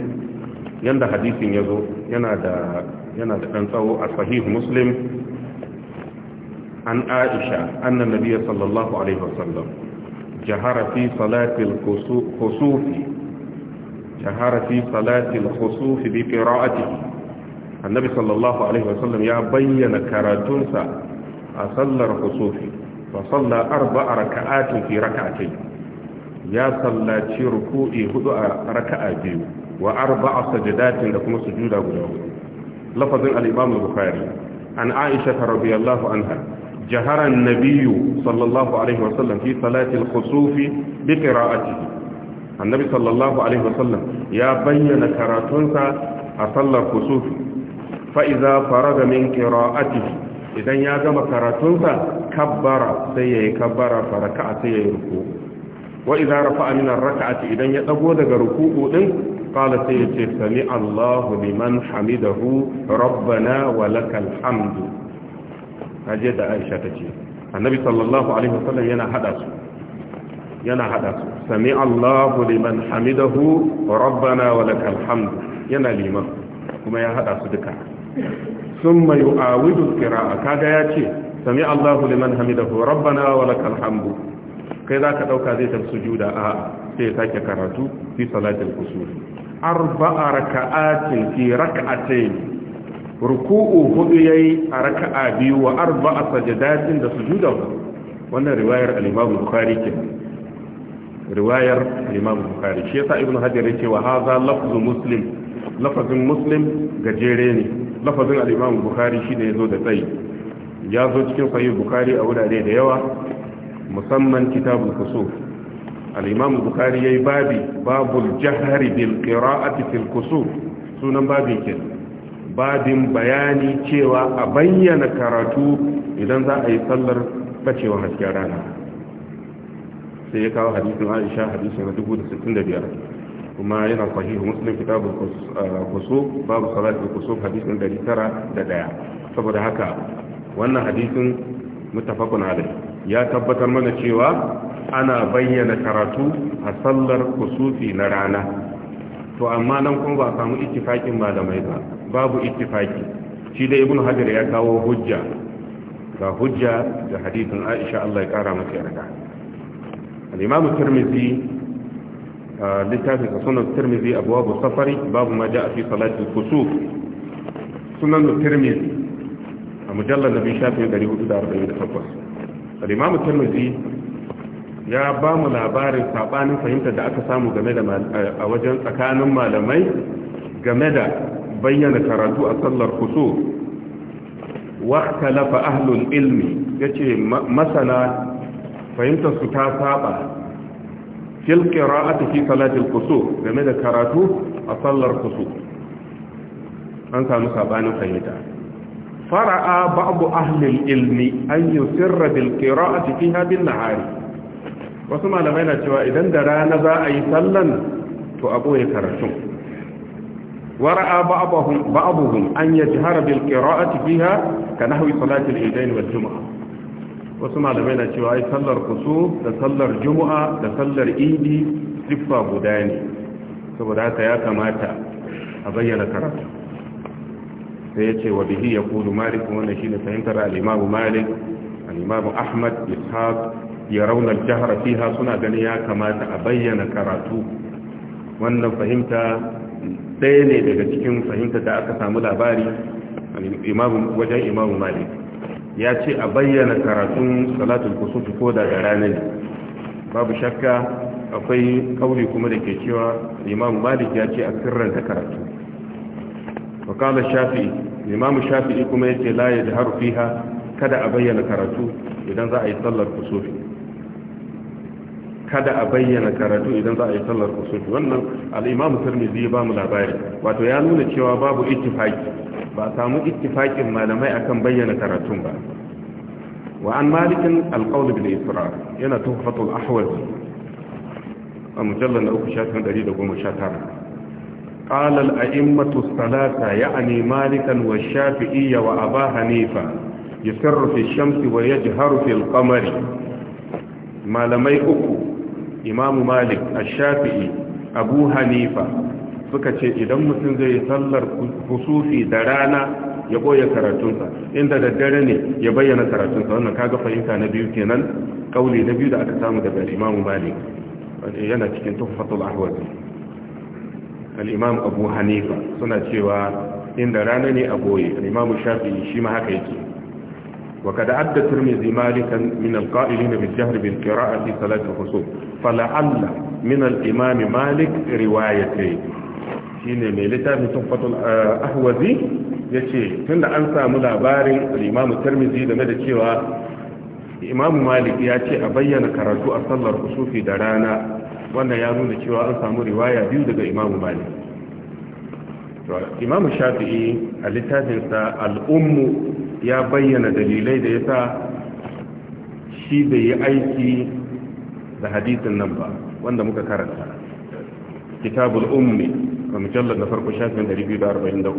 yadda hadisin ya zo yana da yana da ɗan tsawo a sahih muslim an aisha annan nabiya sallallahu alaihi wasallam jaharafi salatil kusufi jaharafi salatil kusufi bi qira'atihi annabi sallallahu alaihi wasallam ya bayyana karatunsa a sallar kusufi fa salla arba'a raka'atin fi raka'atayn ya sallaci ruku'i hudu a raka'a biyu wa arba'a sajadatin da kuma sujuda guda hudu lafazin al-imam al-bukhari an aisha radiyallahu anha jahara an sallallahu alaihi wasallam fi salati al-khusuf bi qira'atihi annabi sallallahu alaihi wasallam ya bayyana karatunsa a sallar kusufi. fa idza faraga min qira'atihi idan ya gama karatunsa kabbara sai ya yi kabbara faraka'a sai ya yi ruku idan idan ya dago daga ruku'u din qala sai yace sami Allahu liman hamidahu rabbana wa lakal hamdu kaje da Aisha tace annabi sallallahu alaihi wasallam yana hada yana hada sami Allahu liman hamidahu rabbana wa lakal yana liman kuma ya hada su duka summa yu'awidu qira'a kaga yace sami Allahu liman hamidahu rabbana wa lakal kai zaka ɗauka zai tafi sujuda a sai sake karatu fi salatul kusur arba'a raka'atin fi raka'atayn ruku'u hudu yayi a raka'a biyu wa arba'a sajadatin da sujuda wannan riwayar al ke riwayar al bukari shi yasa Ibn Hajar yace wa hadha lafzu Muslim lafazin Muslim gajere ne lafazin al bukari Bukhari shine yazo da tsayi ya zo cikin sahih bukari a wurare da yawa musamman kitabul kusuf al bukari ya yi babi babul jahri bil qira'ati fil kusuf sunan babin ke babin bayani cewa a bayyana karatu idan za a yi sallar bacewa hasken rana sai ya kawo hadisin Aisha hadisin 1065 kuma yana sahihu musulun kitabul ah, kusur babu salatul kusur hadisin 901 saboda haka wannan hadisin muttafaqun alayh ya tabbatar mana cewa ana bayyana karatu a sallar kusufi na rana to amma nan kuma ba a samu ittifakin malamai ba babu ittifaki shi da ibnu hajar ya kawo hujja ga hujja da hadithin aisha Allah ya kara masa yarda al-imam tirmidhi littafin sunan tirmidhi abwabu safari babu ma ja'a fi salati al-kusuf sunan tirmidhi a mujallal nabi shafi 448 al-imam tirmidhi ya ba mu labarin saɓanin fahimta da aka samu game da a wajen tsakanin malamai game da bayyana karatu a sallar kusur waktalafa ahlul ilmi Ya ce masana fahimtar su ta saba fil a fi salatil kusur game da karatu a sallar kusur an samu saɓanin fahimta ahlul فرأى بعض أهل العلم أن يسر بالقراءة فيها بالنهار wasu malamai na cewa idan da rana za a yi sallan to abu ya karatun wara'a ba'abuhum an ya jihara bil qira'ati fiha ka nahwi salati al-idain wal jumu'a wasu malamai na cewa ai sallar kusu da sallar juma'a da sallar idi siffa guda ne saboda haka ya kamata a bayyana karatu sai ya ce wa bihi ya kudu malik wannan shine fahimtar al malik al ahmad ishaq ya raunar jihar fiha suna gani ya kamata a bayyana karatu wannan fahimta ɗaya ne daga cikin fahimta da aka samu labari wajen imamu malik ya ce a bayyana karatun salatul kusufi ko da rana ne babu shakka akwai kauri kuma da ke cewa imamu malik ya ce a sirranta karatu wakala shafi imamu shafi'i kuma ya ce jihar fiha kada a bayyana karatu idan za a yi sallar kusufi kada a bayyana karatu idan za a yi sallar kusufi wannan al'imamu tirmidhi ba mu labari wato ya nuna cewa babu ittifaki ba samu ittifakin malamai akan bayyana karatun ba wa an malikin alqawl bil isra yana tuhfatul ahwaz a mujallar na uku shafin da goma sha tara ƙalal a immatu salata ya 3119 قال الأئمة الثلاثة يعني wa aba hanifa ya يسر shamsi wa ya ji harfin kamari malamai uku imamu malik ash-shafi'i abu hanifa suka ce idan mutum zai yi sallar kusufi da rana ya boye karatunsa inda daddare ne ya bayyana karatunsa wannan kaga fahimta na biyu kenan kauli na biyu da aka samu daga imamu malik yana cikin tuhfatul ahwazi al-imam abu hanifa suna cewa inda rana ne a boye al-imam shafi'i shi ma haka yake وقد أدى الترمذي مالكا من القائلين بالجهر بالقراءة في صلاة فلعل من الإمام مالك روايتين shine mai littafin tuhfatul ahwazi yace tunda an samu labarin al-Imam Tirmidhi game da cewa Imam Malik ya ce a bayyana karatu a sallar kusufi da rana wannan ya nuna cewa an samu riwaya biyu daga Imam Malik Shafi'i a littafin sa ya bayyana dalilai da ya sa shi bai yi aiki da hadisin nan ba wanda muka karanta kitabul ummi a mujallar na farko shafin 243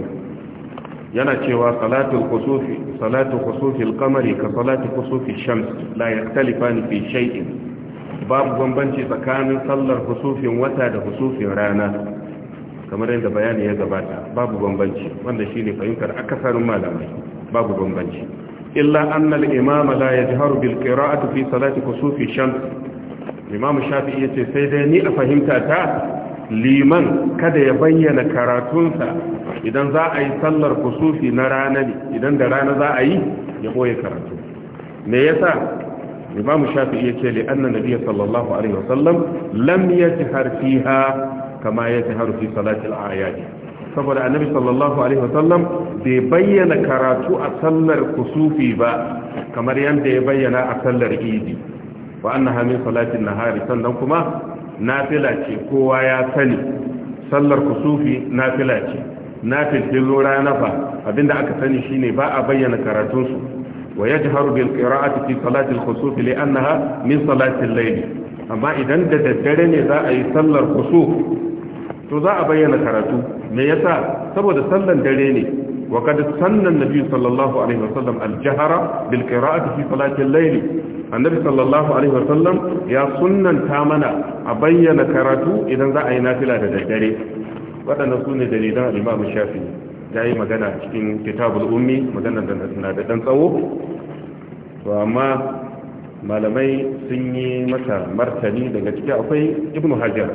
yana cewa salatul kusufi salatul kusufi al-qamari ka salatul kusufi shams la yaktalifani fi shay'in babu bambanci tsakanin sallar kusufin wata da kusufin rana kamar yadda bayani ya gabata babu bambanci wanda shine fahimtar akasarin malamai babu bambanci illa annal imama la yajharu bil qira'ati fi salati kusufi shams imam shafi'i yace sai dai ni a fahimta ta liman kada ya bayyana karatunsa idan za a yi sallar kusufi na rana ne idan da rana za a yi ya boye karatu me yasa imam shafi'i yace li anna nabiyyi sallallahu alaihi wasallam lam yajhar fiha kama yajhar fi salati al-ayati saboda annabi sallallahu alaihi wasallam bai bayyana karatu a sallar kusufi ba kamar yadda ya bayyana a sallar idi wa annaha min salatin nahari sannan kuma nafila ce kowa ya sani sallar kusufi nafila ce nafil rana fa abinda aka sani shine ba a bayyana karatun su wa yajharu bil qira'ati fi salati khusuf li annaha min salati al layl amma idan da daddare ne za a yi sallar khusuf to za a bayyana karatu me yasa saboda sallan dare ne wa kad sanna annabi sallallahu alaihi wasallam al-jahra bil qira'ati fi salati al-layl annabi sallallahu alaihi wasallam ya sunnanta mana a bayyana karatu idan za a yi nafila da daddare waɗannan da ne dalilan imam shafi ya yi magana cikin kitabul ummi magana da na da dan tsawo to amma malamai sun yi mata martani daga ciki akwai ibnu hajar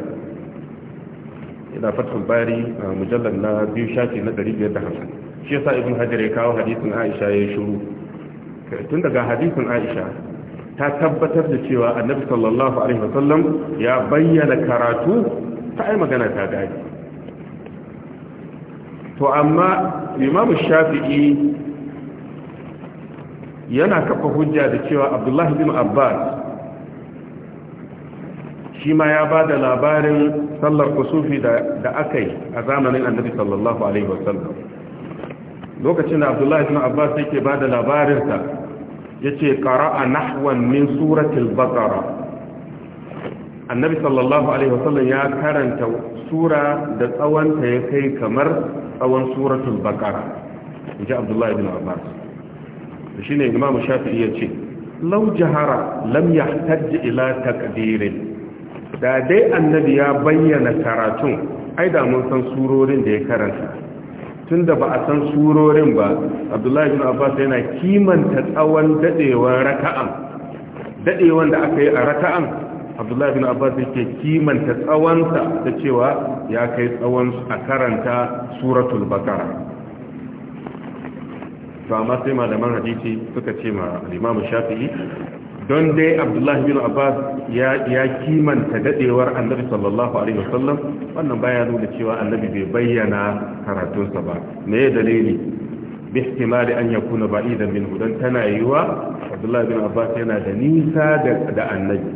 ina fathul bari mujallar na biyu shafi na 550 shi yasa ibn hajar ya kawo hadisin aisha ya shiru tun daga hadisin aisha ta tabbatar da cewa annabi sallallahu alaihi wasallam ya bayyana karatu ta ai magana ta gani to amma Imam shafi'i yana kafa hujja da cewa abdullahi bin abbas shi ma ya ba da labarin sallar kusufi da aka yi a zamanin annabi sallallahu alaihi wasallam lokacin da abdullahi ibn abbas yake ba da labarinsa ya ce ƙara'a nahwan min suratul baqara annabi sallallahu alaihi wasallam ya karanta sura da tsawonta ya kai kamar tsawon suratul baqara inji abdullahi ibn abbas ne imamu shafi'i ya ce law jahara lam yahtaj ila taqdirin da dai annabi ya bayyana karatun ai da mun san surorin da ya karanta tun da ba a san surorin ba abdullahi bin abbas yana kimanta tsawon dadewar raka'an dadewan da aka yi a raka'an abdullahi bin abbas yake kimanta tsawonsa da cewa ya kai tsawon a karanta suratul bakara to amma sai malaman hadisi suka ce ma al-imam shafi'i don dai abdullahi bin abbas ya kimanta dadewar annabi sallallahu alaihi wasallam wannan baya nuna cewa annabi bai bayyana karatunsa ba me ya dalili bi ihtimali an yakuna ba'idan minhu dan tana yiwa abdullahi bin abbas yana da nisa da annabi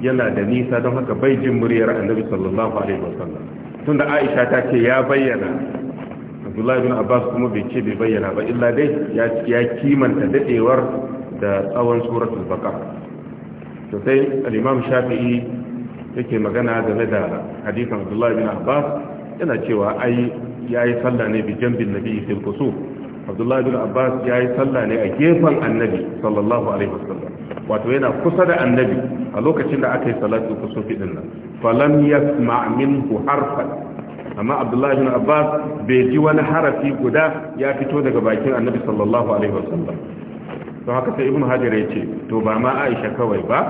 yana da nisa don haka bai jin muryar annabi sallallahu alaihi wasallam tunda aisha ta ce ya bayyana abdullahi bin abbas kuma bai ce bai bayyana ba illa dai ya kimanta dadewar da tsawon suratul baqara to sai al-imam shafi'i yake magana game da hadisan abdullahi bin abbas yana cewa ai yayi sallah ne bi jambin nabi fil kusuf abdullahi bin abbas yayi sallah ne a gefen annabi sallallahu alaihi wasallam wato yana kusa da annabi a lokacin da aka yi salatu kusufi din nan falam yasma minhu harfan amma abdullahi bin abbas bai ji wani harafi guda ya fito daga bakin annabi sallallahu alaihi wasallam don haka sai ibn hajar ya ce to ba ma aisha kawai ba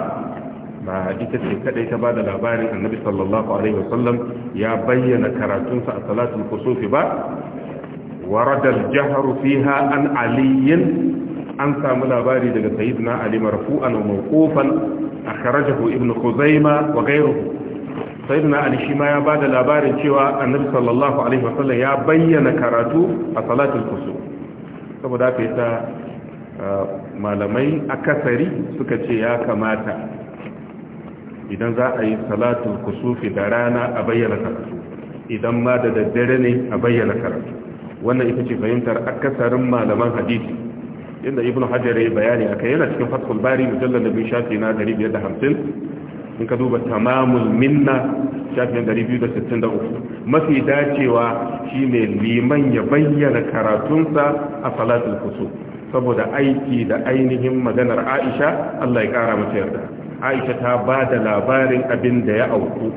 ba ita ce kadai ta ba da labarin annabi sallallahu alaihi wasallam ya bayyana karatunsa a salatul kusufi ba warada al-jahru fiha an aliyin an samu labari daga sayyidina ali marfu'an wa mawqufan akhrajahu ibn khuzaima wa ghayruhu sayyidina ali shi ma ya ba da labarin cewa annabi sallallahu alaihi wasallam ya bayyana karatu a salatul kusuf saboda haka yasa Ah, malamai akasari suka ce ya kamata idan za a yi salatul kusufi da rana a bayyana karatu idan ma da daddare ne a bayyana karatu wannan ita ce fahimtar akasarin malaman hadisi inda ibn hajar ya bayani a akai yana cikin fathul bari mujallal da bin shafi na 550 in ka duba tamamul minna shafin 263 mafi dacewa shi ne liman ya bayyana karatunsa a salatul kusufi saboda aiki da ainihin maganar aisha Allah ya kara mata yarda aisha ta ba da labarin abin da ya auku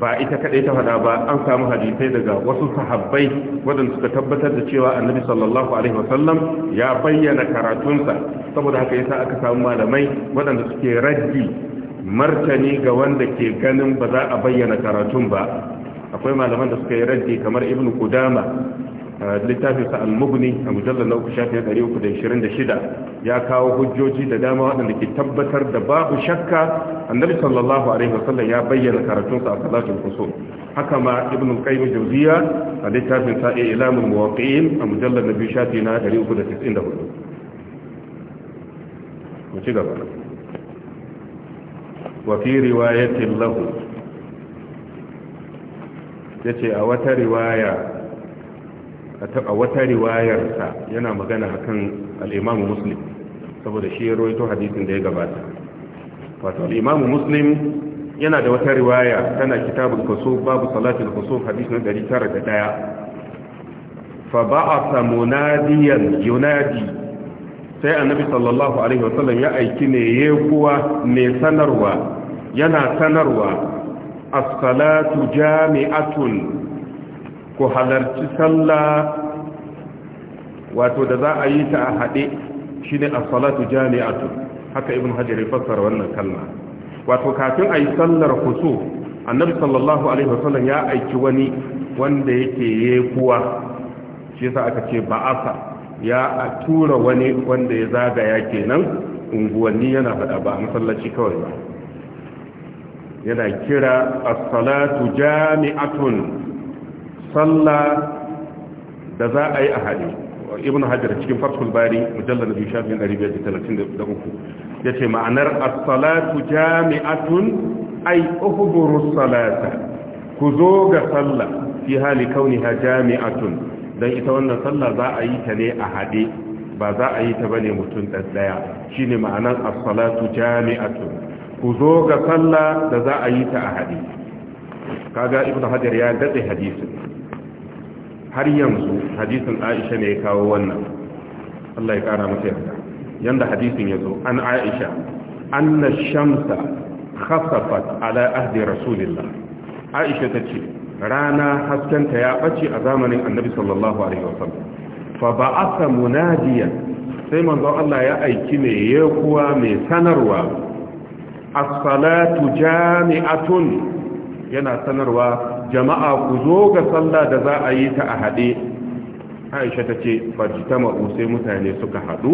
ba ita kadai ta faɗa ba an samu hadisai daga wasu sahabbai waɗanda suka tabbatar da cewa annabi sallallahu alaihi wasallam ya bayyana karatunsa saboda haka yasa aka samu malamai waɗanda suke raddi martani ga wanda ke ganin ba za a bayyana karatun ba akwai malaman da suka yi raddi kamar ibnu kudama littafin sa al-mughni a mujallar na uku shafi 326 ya kawo hujjoji da dama waɗanda ke tabbatar da babu shakka annabi sallallahu alaihi wasallam ya bayyana karatun sa a salatul usul haka ma ibn al-qayyim jawziya a littafin sa ilamul muwaqqi'in a mujallar na biyu shafi na 394 mu ci gaba wa fi riwayatin lahu yace a wata riwaya a wata riwayarsa yana magana a kan al’imamu Muslim saboda shi ya roito hadisin da ya gabata wato al’imamu Muslim yana da wata riwaya tana kitabun kaso babu salatul tara da 901 fa ba a samu nadiyan yunadi sai annabi sallallahu alaihi wasallam ya aiki ne yekuwa mai sanarwa yana sanarwa as-salatu jami'atun ku halarci sallah wato da za a yi ta a haɗe shi ne a salatu jami'atu haka ibn hajjar ya fassara wannan kalma wato kafin a yi sallar kuso, annabi sallallahu alaihi wasallam ya aiki wani wanda yake kuwa shi yasa aka ce ba'asa ya tura wani wanda ya zagaya kenan unguwanni yana faɗa ba a masallaci kawai ba yana kira as-salatu jami'atun sallah da za a yi a haɗe ibn hajar cikin fathul bari mujallar na biyu shafin uku ya ce ma'anar as-salatu jami'atun ai uhduru salata ku zo ga sallah fi hali kauniha jami'atun dan ita wannan sallah za a yi ta ne a haɗe ba za a yi ta bane mutum ɗaya shine ma'anar as-salatu jami'atun ku zo ga sallah da za a yi ta a haɗe kaga ibn hajar ya daɗe hadisin har yanzu hadisin aisha ne ya kawo wannan Allah ya kara masa yarda yanda hadisin ya zo an aisha anna shamsa khasafat ala ahdi rasulillah aisha ta ce rana haskenta ya ɓace a zamanin annabi sallallahu alaihi wasallam fa ba'atha munadiyan sai manzo Allah ya aiki mai yakuwa mai sanarwa as-salatu jami'atun yana sanarwa jama'a ku zo ga sallah da za a yi ta a haɗe aisha ta ce fajtama'u sai mutane suka haɗu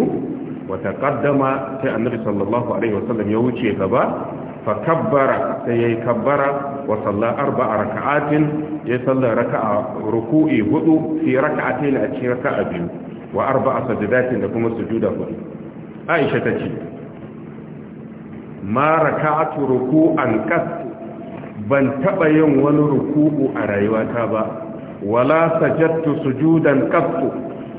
wa taqaddama sai annabi sallallahu alaihi wasallam ya wuce gaba fa kabbara sai ya yi kabbara wa salla arba'a raka'atin ya salla raka'a ruku'i hudu fi raka'atayn a cikin raka'a biyu wa arba'a sajdatin da kuma sujuda hudu aisha ta ce ma raka'atu ruku'an qas ban taɓa yin wani ruku'u a rayuwata ba wala sajattu sujudan qattu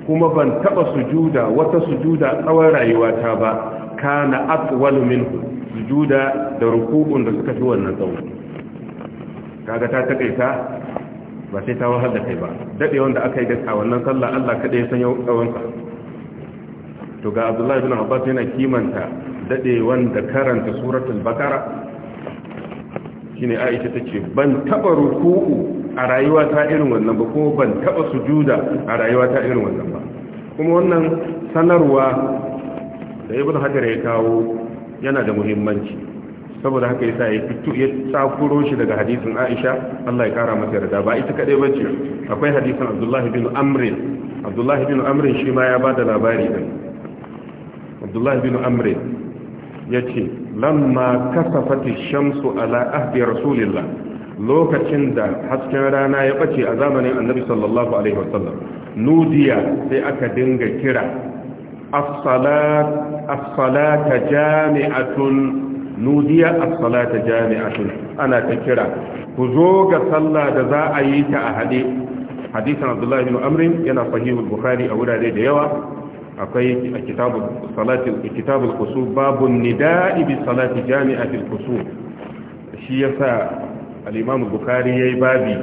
kuma ban taɓa sujuda wata sujuda tsawon rayuwata ba kana atwal minhu sujuda da ruku'un da suka fi wannan tsawon kaga ta takaita ba sai ta wahal da kai ba dade wanda aka yi da a wannan sallah Allah kada ya sanya tsawon ka to ga Abdullahi ibn Abbas yana kimanta dade wanda karanta suratul Baqara ne aisha ta ce ban taba ruku'u a rayuwa ta irin wannan ba kuma ban taba sujuda a rayuwa ta irin wannan ba kuma wannan sanarwa da ibn hajar ya kawo yana da muhimmanci saboda haka yasa ya fito ya tsakuro shi daga hadisin Aisha Allah ya kara masa yarda ba ita kadai bace akwai hadisin Abdullah bin Amr Abdullah bin Amr shi ma ya bada labari din Abdullah bin Amr yace lamma kasafati shamsu ala ahdi rasulillah lokacin da hasken rana ya bace a zamanin annabi sallallahu alaihi wasallam nudiya sai aka dinga kira as-salata jami'atun nudiya as-salata jami'atun ana ta kira ku zo ga sallah da za a yi ta a hade hadisan abdullahi bin amr yana sahihul bukhari a wurare da yawa akwai a kitabul salati kitabul qusub babun nida'i bi salati jami'atil qusub shi yasa al-imam bukhari yayi babi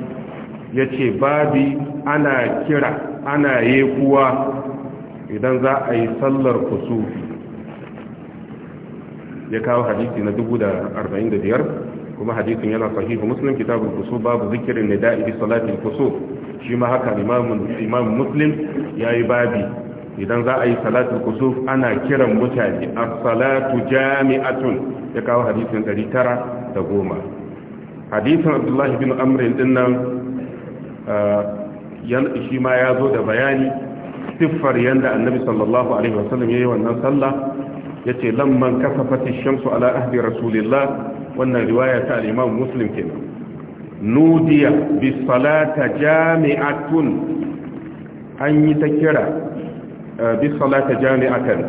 yace babi ana kira ana yekuwa idan za a yi sallar kusufi ya kawo hadisi na 1045 kuma hadisin yana sahihu muslim kitabul kusuf babu zikirin nida'i bi salatil kusuf shi ma haka imam muslim yayi babi idan za a yi salatu kusuf ana kiran mutane a salatu jami'atun ya kawo da 910 hadisin abdullahi bin amr dinnan nan shi ma ya zo da bayani siffar yanda annabi sallallahu alaihi wasallam yayi wannan sallah yace lamman kasafati shamsu ala ahdi rasulillah wannan riwaya ta al-imam muslim kenan nudiya bis salata jami'atun an yi ta kira bis salata jami'atan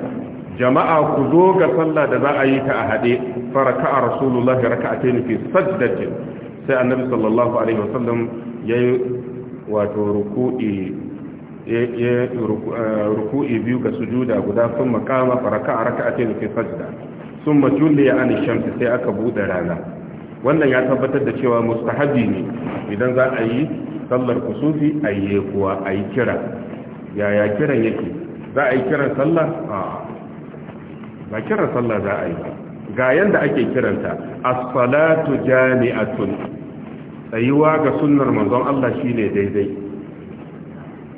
jama'a ku zo ga sallah da za a yi ta a haɗe, hade faraka'a rasulullahi raka'atayn fi sajdatin sai annabi sallallahu alaihi wasallam yi wato ruku'i biyu ga sujuda guda sun makama faraka'a raka'atayn fi sajda sun majuliya an shamsi sai aka bude rana wannan ya tabbatar da cewa mustahabi ne idan za a yi sallar kusufi a yi kuwa a yi kira yaya kiran yake za a yi kiran sallah ba kiran sallah za a yi ga yanda ake kiranta as-salatu jami'atun tsayuwa ga sunnar manzon Allah shine daidai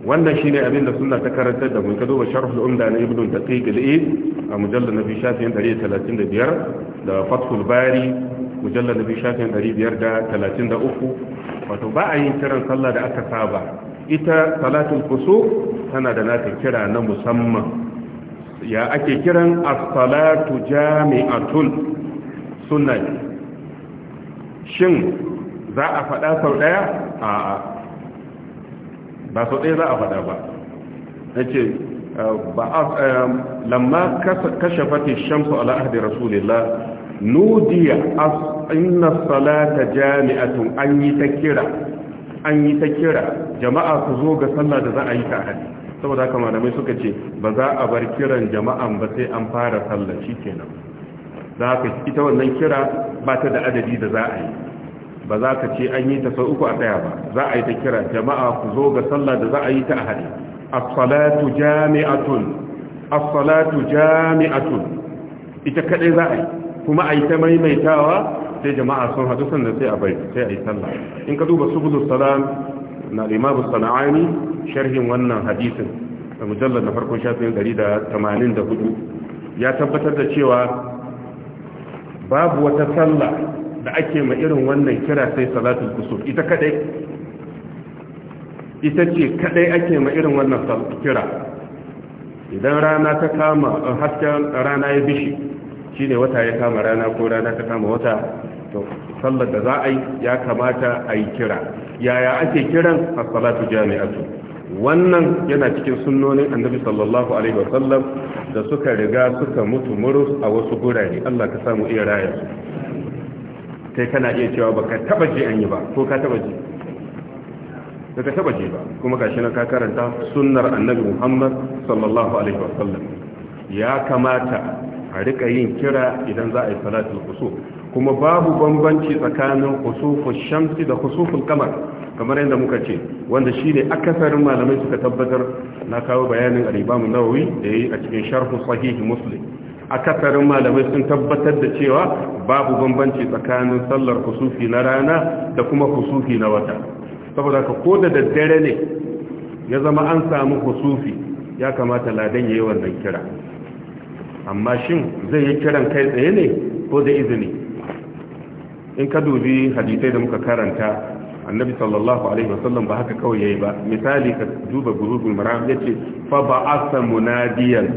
wannan shine abin da sunna ta karanta da mun kado ba sharh al-umda na ibnu daqiq al-eid a mujallal nabi shafi'in 135 da fathul bari mujallal nabi shafi'in 533 wato ba a yi kiran sallah da aka saba ita salatul kusuf tana da nata kira na musamman ya ake kiran asalatu salatu jami'atun sunna shin za a faɗa sau ɗaya a ba sau ɗaya za a faɗa ba na ce nace eh, lamma fatin shamsu ala ahdi rasulillah nudiya inna salata jami'atun an yi ta kira an yi ta kira jama'a ku zo ga sallah da za a yi ta hadi saboda haka malamai suka ce ba za a bar kiran jama'an ba sai an fara sallah kenan za ka ita wannan kira ba ta da adadi da za a yi ba za ka ce an yi ta sau uku a tsaya ba za a yi ta kira jama'a ku zo ga sallah da za a yi ta a hade as-salatu jami'atun as-salatu jami'atun ita kadai za a yi kuma a yi ta maimaitawa sai jama'a sun hadu sannan sai a bai sai a yi sallah in ka duba subulus salam na imamu sana'ani sharhin wannan hadisin da mujallar na farkon shafin 184 ya tabbatar da cewa babu wata sallah da ake ma irin wannan kira sai salatul kusur ita kadai ita ce kadai ake ma irin wannan kira idan rana ta kama hasken rana ya bishi shi ne wata ya kama rana ko rana ta kama wata to sallar da za a yi ya kamata a yi kira yaya ake kiran a salatu jami'atu wannan yana cikin sunnonin annabi sallallahu alaihi wa sallam da suka riga suka mutu murus a wasu gurare Allah ka samu iya raya su kai kana iya cewa baka taba ji an yi ba ko ka taba ji baka taba ji ba kuma gashi na ka karanta sunnar annabi Muhammad sallallahu alaihi wa sallam. ya kamata a rika yin kira idan za a yi salatul kusuf kuma babu bambanci tsakanin kusuful shamsi da kusuful kamar kamar yadda muka ce wanda shine akasarin malamai suka tabbatar na kawo bayanin al-Imam Nawawi da yayi a cikin sharh sahih Muslim akasarin malamai sun tabbatar da cewa babu bambanci tsakanin sallar kusufi na rana da kuma kusufi na wata saboda ka ko da daddare ne ya zama an samu kusufi ya kamata ladan ya yi wannan kira amma shin zai yi kiran kai tsaye ne ko da izini in ka dubi hadisai da muka karanta annabi sallallahu alaihi wasallam ba haka kawai yayi ba misali ka duba gurubul maram yace fa ba'atha munadiyan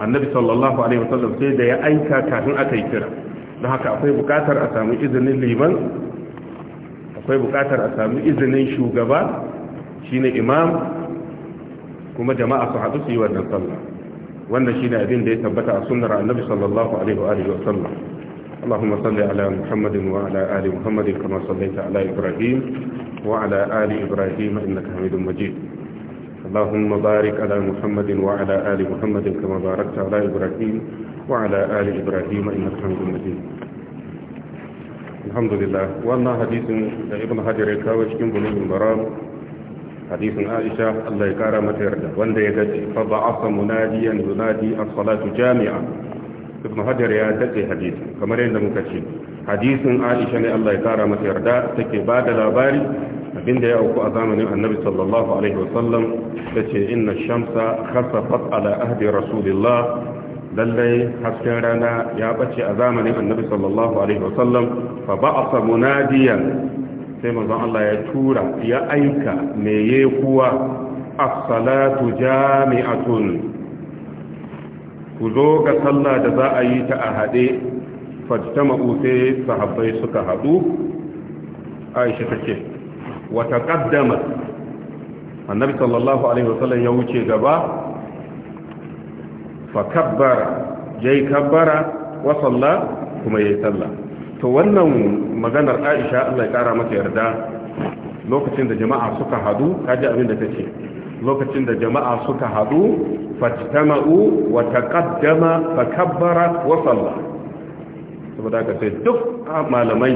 annabi sallallahu alaihi wasallam sai da ya aika kafin aka yi kira don haka akwai bukatar a samu izinin liman akwai bukatar a samu izinin shugaba shine imam kuma jama'a su haɗu su yi wannan sallah wannan shine abin da ya tabbata a sunnar annabi sallallahu alaihi wa alihi wa sallam اللهم صل على محمد وعلى آل محمد كما صليت على إبراهيم وعلى آل إبراهيم إنك حميد مجيد اللهم بارك على محمد وعلى آل محمد كما باركت على إبراهيم وعلى آل إبراهيم إنك حميد مجيد الحمد لله والله حديث ابن حجر الكاوي كم بني المرام hadisin aisha Allah ya kara mata yarda wanda ya dace fa ba'atha munadiyan yunadi as-salatu jami'a ibn hajar ya dace hadisi kamar yadda muka ce hadisin aisha ne Allah ya kara mata yarda take ba da labari abinda ya auku a zamanin annabi sallallahu alaihi wasallam tace inna shamsa khasafat ala ahdi rasulillah lallai hasken rana ya bace a zamanin annabi sallallahu alaihi wasallam fa ba'atha munadiyan sai manzon Allah ya tura ya aika yi kuwa as-salatu jami'atun ku zo ga sallah da za a yi ta a haɗe fajtama'u sai sahabbai suka haɗu aisha take wata taqaddama annabi sallallahu alaihi wasallam ya wuce gaba fa kabbara yayi kabbara wa salla kuma yayi sallah to wannan maganar aisha allah ya kara mata yarda lokacin da jama'a suka hadu kaji abin da ta ce lokacin da jama'a suka hadu fatama'u wa taqaddama fa kabbara wa salla saboda ka sai duk malamai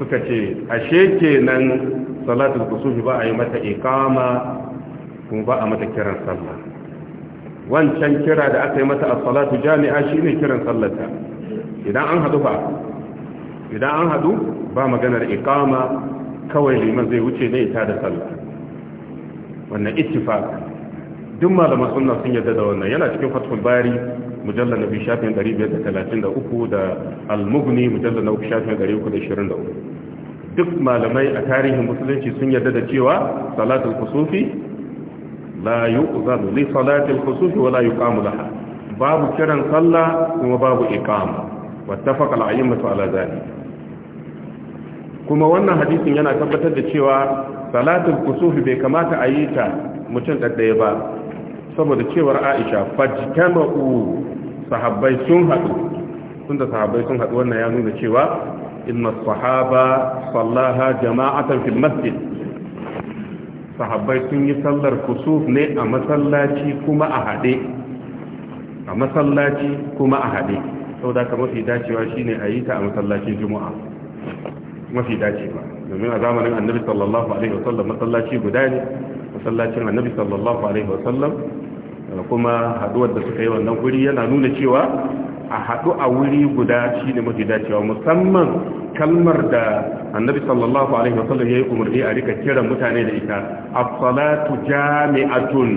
suka ce ashe kenan salatul kusufi ba a yi mata ikama, kuma ba a mata kiran salla wancan kira da aka yi mata as-salatu jami'a shine kiran sallata idan an hadu ba idan an hadu ba maganar iqama kawai liman zai wuce ne ita da sallah wannan ittifaq duk malaman sunna sun yadda da wannan yana cikin fathul bari mujallal nabi shafin 533 da al-mughni mujallal nabi shafin 323 duk malamai a tarihin musulunci sun yadda da cewa salatul kusufi la yu'zanu li salatil kusufi wa la yuqamu laha babu kiran sallah kuma babu iqama wattafaqa al-a'immatu ala dhalik kuma wannan hadisin yana tabbatar da cewa salatul kusufi bai kamata a yi ta mutum ɗaɗɗaya ba saboda cewar aisha fajtama'u sahabbai sun haɗu tunda sahabbai sun haɗu wannan ya nuna cewa inna sahaba sallaha jama'atan fil masjid sahabbai sun yi sallar kusuf ne a masallaci kuma a haɗe a masallaci kuma a haɗe saboda ka mafi dacewa shine a yi ta a masallacin juma'a mafi dace ba domin a zamanin annabi sallallahu alaihi wa sallam masallaci guda ne masallacin annabi sallallahu alaihi wa sallam kuma haduwar da suka yi wannan guri yana nuna cewa a haɗu a wuri guda shi ne mafi dacewa musamman kalmar da annabi sallallahu alaihi wa sallam ya yi umarni a rika kiran mutane da ita as-salatu jami'atun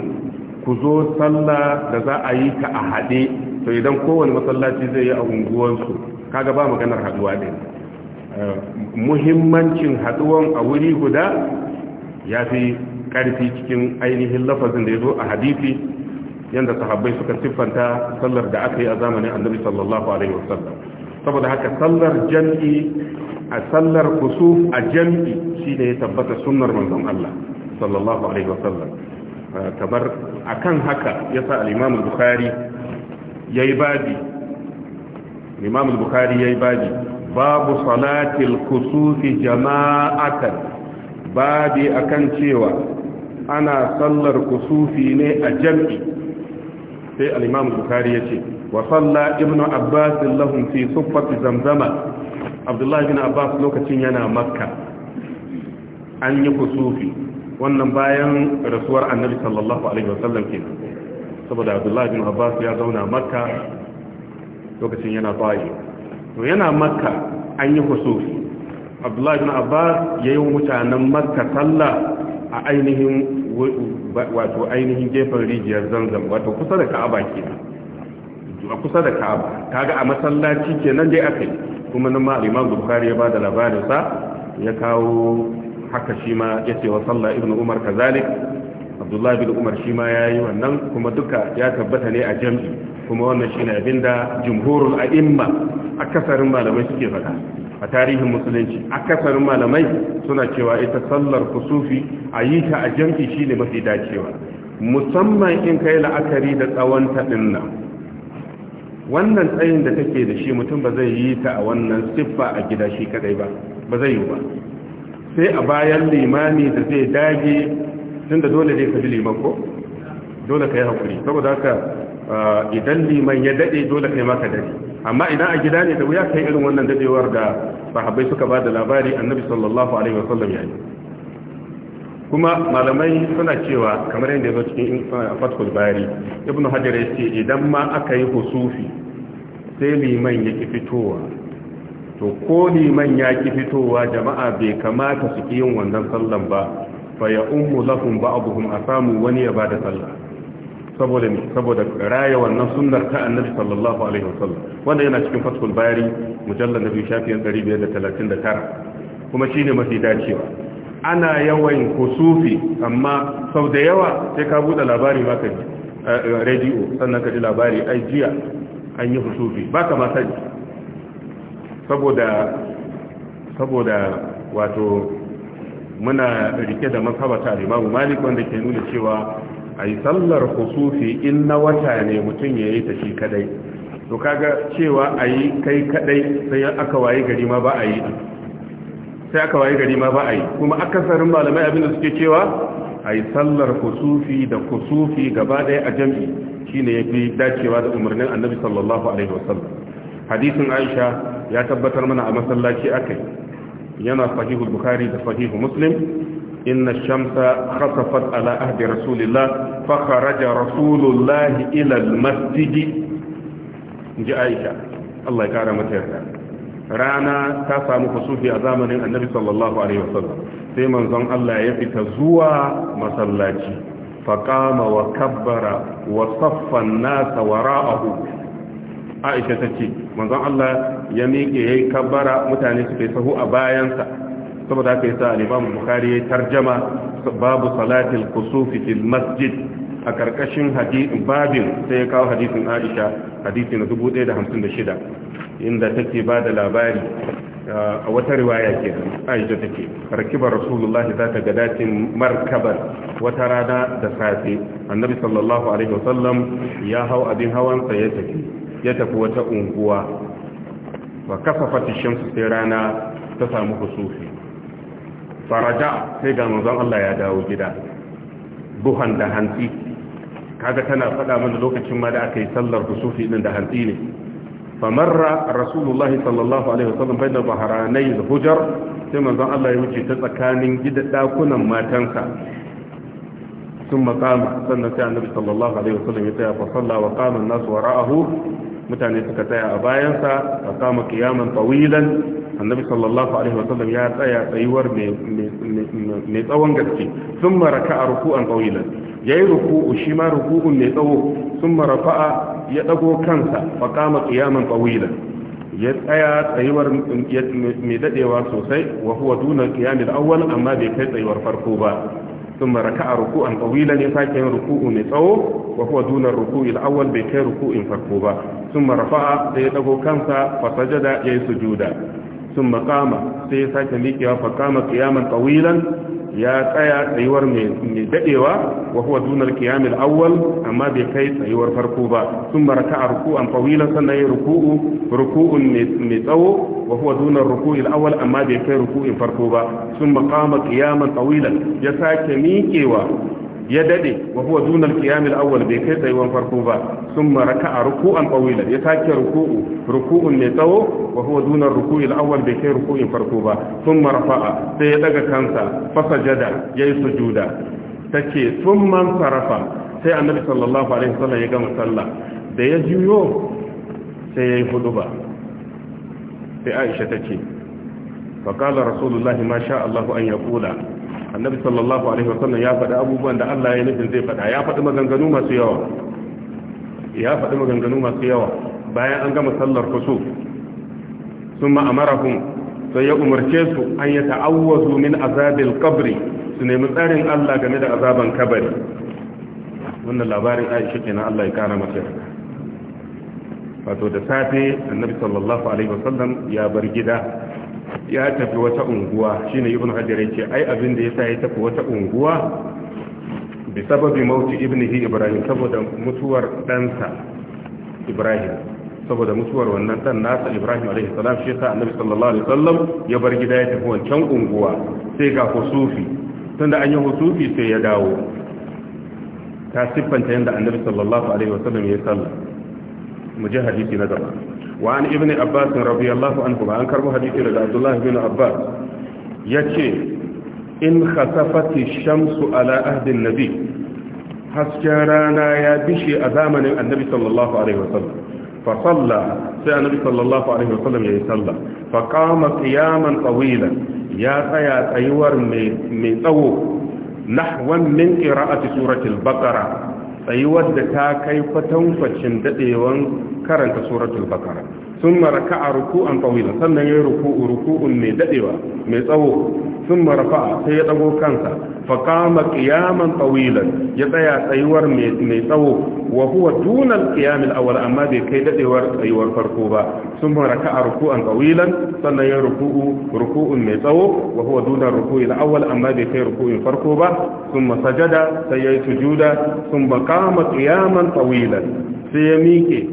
ku zo sallah da za a yi ta a haɗe to idan kowane masallaci zai yi a unguwansu kaga ba maganar haɗuwa ɗin muhimmancin haduwan a wuri guda ya fi ƙarfi cikin ainihin lafazin da ya zo a hadisi yadda sahabbai suka siffanta sallar da aka yi a zamanin annabi sallallahu alaihi wasallam saboda haka sallar jam'i a sallar kusuf a jam'i shi ne ya tabbata sunnar manzon Allah sallallahu alaihi wasallam ah, kamar a kan haka ya sa al-imam al-bukhari yayi babi al-imam al-bukhari yayi babi babu salatil kusufi jama'atan babi akan cewa ana sallar kusufi ne a jam'i sai al-imam bukhari yace wa salla ibnu abbas lahum fi suffati zamzama abdullahi Ibn abbas lokacin yana makka an yi kusufi wannan bayan rasuwar annabi sallallahu alaihi wasallam kenan saboda abdullahi Ibn abbas ya zauna makka lokacin yana bayi to yana makka an yi husufi abdullahi bin abbas ya yi mutanen makka sallah a ainihin wato ainihin gefen rijiyar zanzam wato kusa da ka'aba ke a kusa da ka'aba kaga a masallaci kenan dai aka yi kuma nan ma imam ya bada labarin sa ya kawo haka shi ma ce wa sallah ibn umar kazalik abdullahi bin umar shi ma yayi wannan kuma duka ya tabbata ne a jam'i. kuma wannan shi ne abin da jumhurul a'imma akasarin malamai suke faɗa a tarihin musulunci akasarin malamai suna cewa ita sallar kusufi a yi ta a shi ne mafi dacewa musamman in kai la'akari da tsawon taɗin nan wannan tsayin da take da shi mutum ba zai yi ta a wannan siffa a gida shi kadai ba ba zai yi ba sai a bayan limami da zai dage tun da dole ne ka bi liman ko dole ka yi haƙuri saboda haka Ah, idan liman ya dade dole kai maka dade amma idan a gida ne da wuya kai irin wannan dadewar da sahabbai suka ba da labari annabi sallallahu alaihi wasallam ya yi kuma malamai suna cewa kamar yadda zo cikin ah, fatkul bari ibn hajar ya ce idan ma aka yi husufi sai liman ya ki fitowa to ko liman ya ki fitowa jama'a bai kamata su ki yin wannan sallan ba fa ya ummu lahum ba'dhum asamu wani ya ba da sallah saboda ne saboda raya wannan sunnar ta annabi sallallahu alaihi wasallam wanda yana cikin fatul bari mujallal nabi shafi 539 kuma shine mafi dacewa ana yawan kusufi amma sau da yawa sai ka buɗe labari ma ka ji eh, radio sannan ka ji labari ai jiya an yi kusufi ba ka ma sani saboda saboda wato muna rike da masabata al-Imam Malik wanda ke nuna cewa a yi sallar husufi in na wata ne mutum ya yi ta shi kadai to kaga cewa a yi kai kadai sai aka waye gari ma ba a yi sai aka waye gari ma ba a yi kuma akasarin malamai abinda suke cewa a yi sallar kusufi da kusufi gaba ɗaya a jam'i shine ya fi dacewa da umarnin annabi sallallahu alaihi wasallam hadisin aisha ya tabbatar mana a masallaci akai yana sahihu bukhari da sahihu muslim إن الشمس خسفت على أهد رسول الله فخرج رسول الله إلى المسجد جاء عائشة الله يكرم متيرك رانا تسامو خسوفي أزامن النبي صلى الله عليه وسلم في منظم الله يفت زوى مسلاتي فقام وكبر وصف الناس وراءه عائشة تتي منظم الله يميكي هي كبر متاني سكي سهو أبايانسا saboda haka yasa sa imam Bukhari ya tarjama babu salatil kusufi masjid a ƙarƙashin babin sai ya kawo hadisin Aisha hadisi na 1056 inda take ba da labari a wata riwaya ke Aisha take rakibar Rasulullah za ta ga datin markabar wata rana da safe Annabi sallallahu alaihi wasallam ya hau abin hawansa ya tafi ya tafi wata unguwa wa kasafat su sai rana ta samu kusufi faraja sai ga manzon Allah ya dawo gida buhan da hantsi kaga tana faɗa mana lokacin ma da aka yi sallar kusufi din da hantsi ne famarra rasulullahi sallallahu alaihi wasallam bainal baharanai hujar sai manzon Allah ya wuce ta tsakanin gidan dakunan matansa sun makama sannan sai annabi sallallahu alaihi wasallam ya tsaya fa salla wa qama an-nas wara'ahu mutane suka tsaya a bayansa a kama kiyaman tawilan annabi sallallahu alaihi wa sallam ya tsaya tsayuwar mai tsawon gaske sun maraka a ruku'an tawilan ya yi ruku'u shi ma ruku'un mai tsawo sun marafa'a ya ɗago kansa a kama kiyaman tawilan ya tsaya tsayuwar mai daɗewa sosai wa huwa duna kiyamil awwal amma bai kai tsayuwar farko ba ثم ركع ركوعا طويلا يفاكين ركوع نتو وهو دون الركوع الأول بكي ركوع فركوبا ثم رفع سيده كنسا فسجد يسجودا ثم قام سيساك ميكيا فقام قياما طويلا ya tsaya tsayuwar mai dadewa wa huwa dunar qiyamil awwal amma bai kai tsayuwar farko ba sun maraka a ruku'an fawila sannan ya ruku'u ruku'un mai tsawo wa huwa dunar ruku'il awwal amma bai kai ruku'in farko ba sun maqama qiyaman tsawilan ya sake miƙewa ya dade wa huwa duna al-qiyam al-awwal bai kai tsayuwan farko ba summa raka'a ruku'an tawila ya take ruku'u ruku'un mai tsawo wa huwa duna rukui al-awwal bai kai ruku'in farko ba summa rafa'a sai ya daga kansa fa sajada yayi sujuda tace summa sarafa sai annabi sallallahu alaihi wasallam ya gama sallah da ya juyo sai yayi huduba sai Aisha tace fa qala rasulullahi ma sha Allahu an yaqula annabi sallallahu alaihi wasallam ya faɗi abubuwan da Allah ya nufin zai faɗa ya faɗi maganganu masu yawa ya faɗi maganganu masu yawa bayan an gama sallar kusu sun ma'amarahun sai ya umarce su an yi ta'awwazu min azabil kabri su nemi tsarin Allah game da azaban kabari wannan labarin aisha kenan Allah ya kara mata wato da safe annabi sallallahu alaihi wasallam ya bar gida ya tafi wata unguwa shine ibn hajar yake ai abin da yasa ya tafi wata unguwa bi sababi mauti ibnihi ibrahim saboda mutuwar ɗansa ibrahim saboda mutuwar wannan dan nasa ibrahim alaihi salam shi yasa annabi sallallahu alaihi wasallam ya bar gida ya tafi wancan unguwa sai ga husufi tunda an yi husufi sai ya dawo ta siffanta yadda annabi sallallahu alaihi wasallam ya sallah mu ji hadisi na gaba wa an ibn abbas radiyallahu anhu an karbo hadisi daga abdullah ibn abbas yace in khasafati shamsu ala ahdi nabi hasken rana ya bishe a zamanin annabi sallallahu alaihi wasallam fa sai annabi sallallahu alaihi wasallam fa qama qiyaman tawila ya tsaya tsayuwar mai tsawo nahwan min qira'ati suratul baqara tsayuwar da ta kai kwatankwacin daɗewan karanta suratul bakara ثم ركع ركوعا طويلا ثم يركوع ركوعا مدئوا مدئوا ثم رفع سيطبو كانسا فقام قياما طويلا يطيع سيور مدئوا وهو دون القيام الأول أما بكي دئوا سيور فرقوبا ثم ركع ركوعا طويلا ثم يركوع ركوعا مدئوا وهو دون الركوع الأول أما بكي ركوع فرقوبا ثم سجد سيئي سجودا ثم قام قياما طويلا سيميكي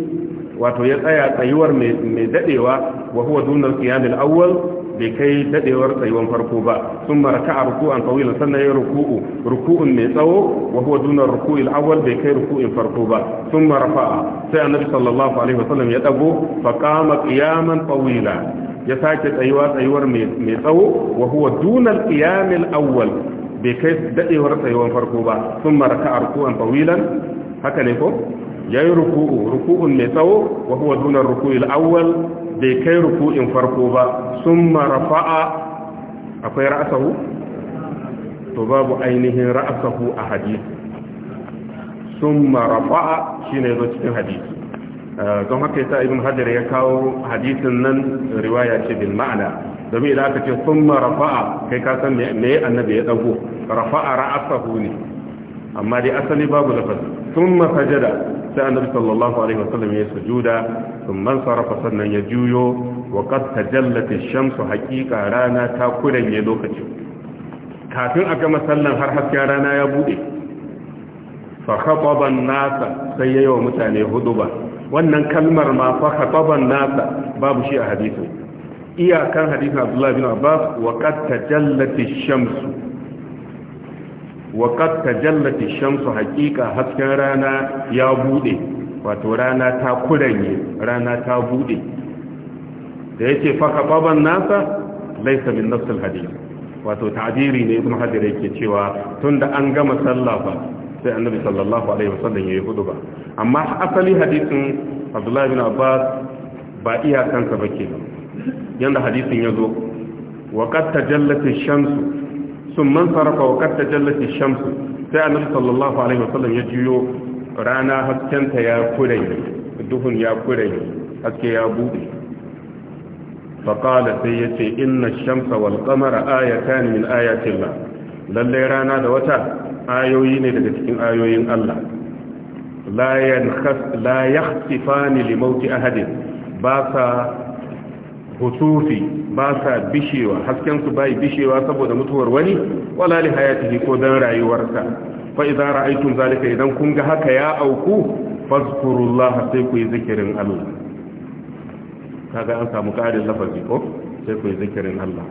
wato ya tsaya tsayuwar mai dadewa wa huwa dunar qiyamil awwal bai kai dadewar tsayuwar farko ba sun maraka a ruku'an tawila sannan ya ruku'u ruku'un mai tsawo wa huwa dunar ruku'il awwal bai kai ruku'in farko ba sun marafa'a sai annabi sallallahu alaihi wasallam ya dago fa qama qiyaman tawila ya sake tsayuwa tsayuwar mai tsawo wa huwa dunar qiyamil awwal bai kai dadewar tsayuwar farko ba sun maraka a ruku'an tawilan haka ne ko yayi ruku'u ruku'un mai tsawo wa huwa duna ruku'il awwal bai kai ruku'in farko ba summa rafa'a akwai ra'asahu, to babu ainihin ra'asahu a hadisi summa rafa'a ne yazo cikin hadisi eh, don haka yasa ibn hajar ya kawo hadisin nan riwaya ce bin ma'ana domin idan aka ce summa rafa'a kai ka san me annabi ya dago rafa'a ra'asahu ne amma dai asali babu lafazi thumma sajada sai annabi sallallahu alaihi wasallam ya sujuda thumma sarafa sannan ya juyo wa qad tajallat shamsu haqiqa rana ta kuranye lokaci kafin a gama sallan har hasken rana ya bude fa khataba nasa sai yayi wa mutane huduba wannan kalmar ma fa khataba nasa babu shi a hadisi iyakan hadisin Abdullahi bin Abbas wa qad tajallat shamsu wa qad tajallati shamsu haqiqa hasken rana ya bude wato rana ta kuranye rana ta bude da yake faka baban nasa laysa min nafs alhadith wato ta'biri ne ibn hajar yake cewa tunda an gama sallah ba sai annabi sallallahu alaihi wasallam yayi hudu ba amma asali hadisin abdullahi bin abbas ba iyakansa bake yanda hadisin yazo wa qad tajallati shamsu sun man wa karta jallati shamsu sai annabi sallallahu alaihi wasallam ya juyo rana haskenta ya kurai duhun ya kurai haske ya buɗe. faƙala sai ya ce inna shamsa wal qamara ayatan min ayatillah lallai rana da wata ayoyi ne daga cikin ayoyin Allah la ya la yakhsifani ahadin ba sa husufi ba sa bishewa haskensu bai bishewa saboda mutuwar wani wala li hayatihi ko dan rayuwarsa fa idza ra'aytum zalika idan kun ga haka ya auku fazkurullaha sai ku yi zikirin Allah kaga an samu ƙarin lafazi ko sai ku yi zikirin Allah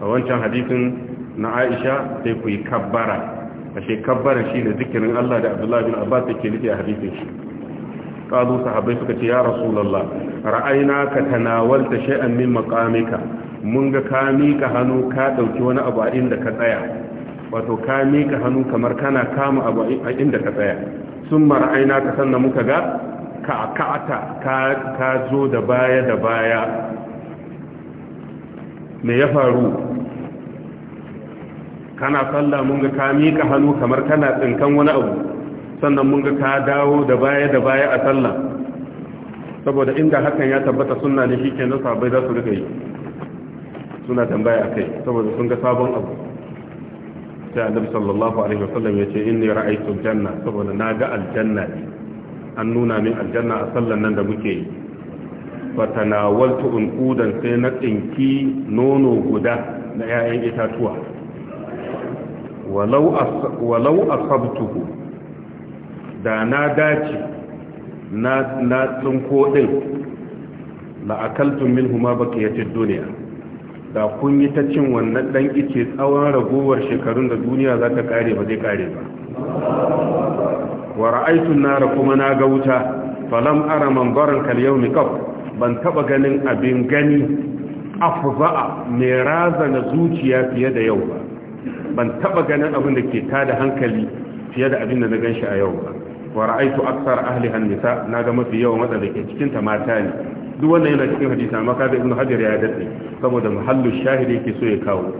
a wancan hadisin na Aisha sai ku yi kabbara ashe kabbara shine zikirin Allah da Abdullah bin Abbas yake nufi a hadisin shi kazu sahabbai suka ce ya rasulullah ra'ayna ka tanawalta shay'an min maqamika mun ga ka mika hannu ka dauki wani abu a inda ka tsaya wato ka mika hannu kamar kana kama abu a inda ka tsaya sun ra'ayna ka sannan muka ga ka ka'ata ka zo da baya da baya me ya faru kana sallah mun ga ka mika hannu kamar kana tsinkan wani abu sannan mun ga ka dawo da baya da baya a sallah saboda inda hakan ya tabbata sunna ne shi kenan sabai za su rika yi suna tambaya kai saboda sun ga sabon abu sai annabi sallallahu alaihi wasallam ya ce inni ra'aytu janna saboda na ga aljanna an nuna min aljanna a sallan nan da muke yi fatanawaltu unqudan sai na tsinki nono guda na 'ya'yan itatuwa walau asabtuhu da na dace na tsinko din la'akaltun min huma baki ya duniya da kun yi ta cin wannan dan ice tsawon ragowar shekarun da duniya za ta kare ba zai kare ba wa ra'aitun nar kuma na ga wuta falam ara mambaran yawmi qab ban taba ganin abin gani afza'a mai razana zuciya fiye da yau ba ban taba ganin abin da ke tada hankali fiye da abin da na ganshi a yau ba wa ra'aitu aksar ahli hannisa na ga mafi yawan wadanda ke cikin ta mata ne duk wannan yana cikin hadisi amma kaga ibnu hajar ya dace saboda muhallu shahidi yake so ya kawo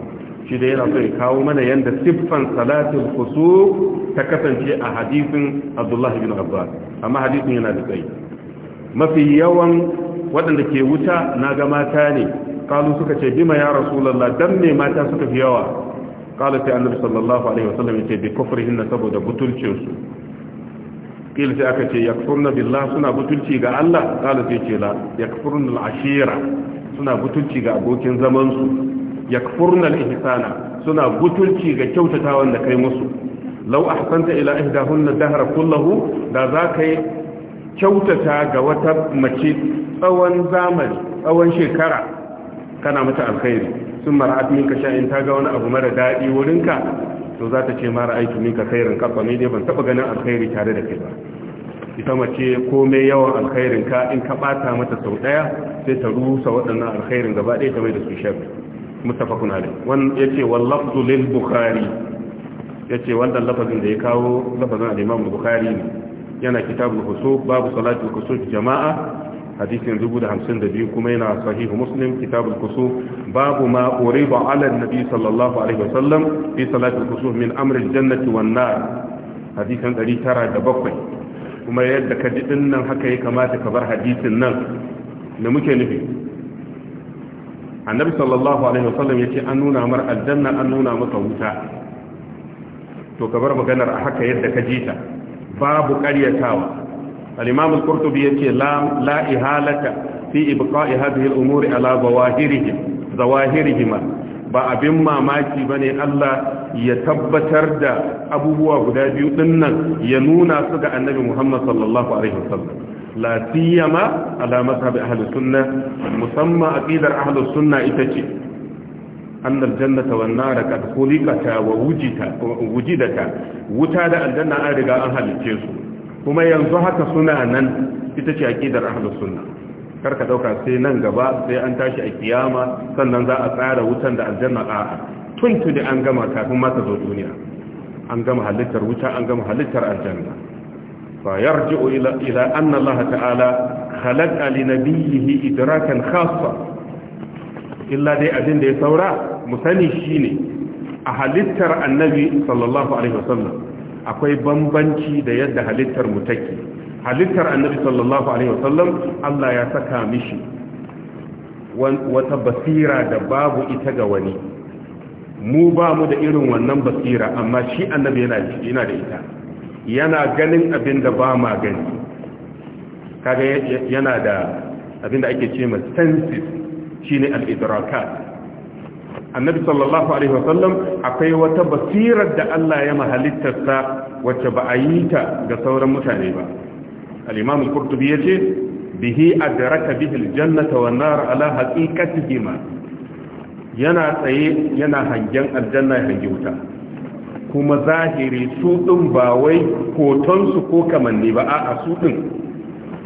shi da yana so ya kawo mana yanda siffan salatul khusuf ta kasance a hadisin Abdullah ibn Abbas amma hadisin yana da tsayi mafi yawan waɗanda ke wuta na ga mata ne kalu suka ce bima ya rasulullah dan ne mata suka fi yawa kalu sai annabi sallallahu alaihi wasallam yace bi kufrihinna saboda butulcin su kila sai aka ce yakfurna billah suna butulci ga Allah kala sai ce la yakfurna al-ashira suna butulci ga abokin zaman su yakfurna al-ihsana suna butulci ga kyautata wanda kai musu law ahsanta ila ihdahunna dahra kullahu da za kai kyautata ga wata mace tsawon zamani tsawon shekara kana mata alkhairi sun mara'at minka sha'in ta ga wani abu mara dadi wurinka to za ta ce mara aiki minka khairin kafa ne dai ban taba ganin alkhairi tare da kai ba ita mace komai yawan alkhairin ka in ka bata mata sau daya sai ta rusa waɗannan alkhairin gaba ɗaya ta mai da su shafi mutafakun alai wan yace wallafzu lil bukhari yace wannan lafazin da ya kawo lafazin al-imam ne yana kitabul husuf babu salatul jama'a hadisin dubu da da hamsin biyu kuma yana sahihu muslim kitabul kusuf babu ma quriba ala nabi sallallahu alaihi wasallam fi salatul kusuf min amri aljannati wan nar hadisin 907 kuma yadda ka ji dinnan haka ya kamata ka bar hadisin nan da muke nufi annabi sallallahu alaihi wasallam yace an nuna mar aljanna an nuna maka wuta to ka bar maganar a haka yadda ka ji ta babu ƙaryatawa al-imam al-qurtubi yace la la ihalata fi ibqa'i hadhihi al-umur ala zawahirihima ba abin mamaki ba ne Allah ya tabbatar da abubuwa guda biyu dinnan ya nuna su ga annabi Muhammad sallallahu alaihi wasallam la siyama ala mazhab ahli sunna musamma aqidar ahli sunna ita ce أن الجنة والنار قد خلقتا ووجدتا wujidata wuta da aljanna an riga an halicce su kuma yanzu haka suna nan ita ce aqidar ahlus sunna karka dauka sai nan gaba sai an tashi a kiyama sannan za a tsara wutan da aljanna a tun tuni an gama kafin ma ta zo duniya an gama halittar wuta an gama halittar aljanna fa yarji'u ila ila anna Allah ta'ala khalaqa li nabiyhi idrakan khassa illa dai abin da ya saura musani shine a halittar annabi sallallahu alaihi wasallam akwai bambanci da yadda halittar mu take halittar annabi sallallahu alaihi wasallam Allah ya saka mishi wata basira da babu ita ga wani mu ba mu da irin wannan basira amma shi annabi yana yana da ita yana ganin abin da ba ma gani kaga yana da abin da ake ce ma senses shine al-idrakat annabi sallallahu alaihi wasallam akwai wata basirar da Allah ya mahalittarsa wacce ba a yi ta ga sauran mutane ba al-imam al-qurtubi yace bihi adraka bihi al-jannata wan nar ala haqiqatihima yana tsaye yana hangen aljanna ya hangi wuta kuma zahiri su din ba wai hoton su ko kamanni ba a'a su din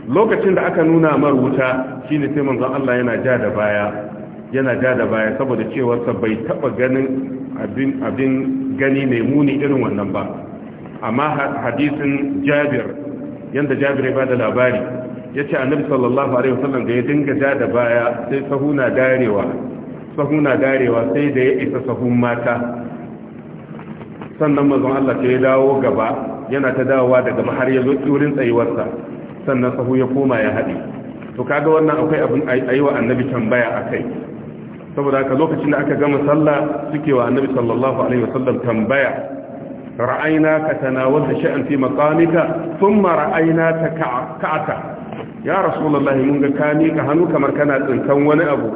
lokacin da aka nuna mar wuta shine sai manzon Allah yana ja da baya yana ja da baya saboda cewarsa bai taba ganin abin gani mai muni irin wannan ba amma hadisin jabir yadda jabir ya ba da labari ya ce annabi sallallahu alaihi wasallam da ya dinga ja da baya sai sahuna darewa sahuna darewa sai da ya isa sahun mata sannan mazan Allah ta ya dawo gaba yana ta dawowa daga mahar ya zo turin tsayuwarsa sannan sahu ya koma ya haɗi to kaga wannan akwai abin ayi wa annabi tambaya akai saboda haka lokacin da aka gama sallah suke wa annabi sallallahu alaihi wasallam tambaya ra'ayna ka tanawalta sha'an fi maqamika thumma ra'ayna ta ka'ata ya rasulullah mun ga ka mika hannu kamar kana tsintan wani abu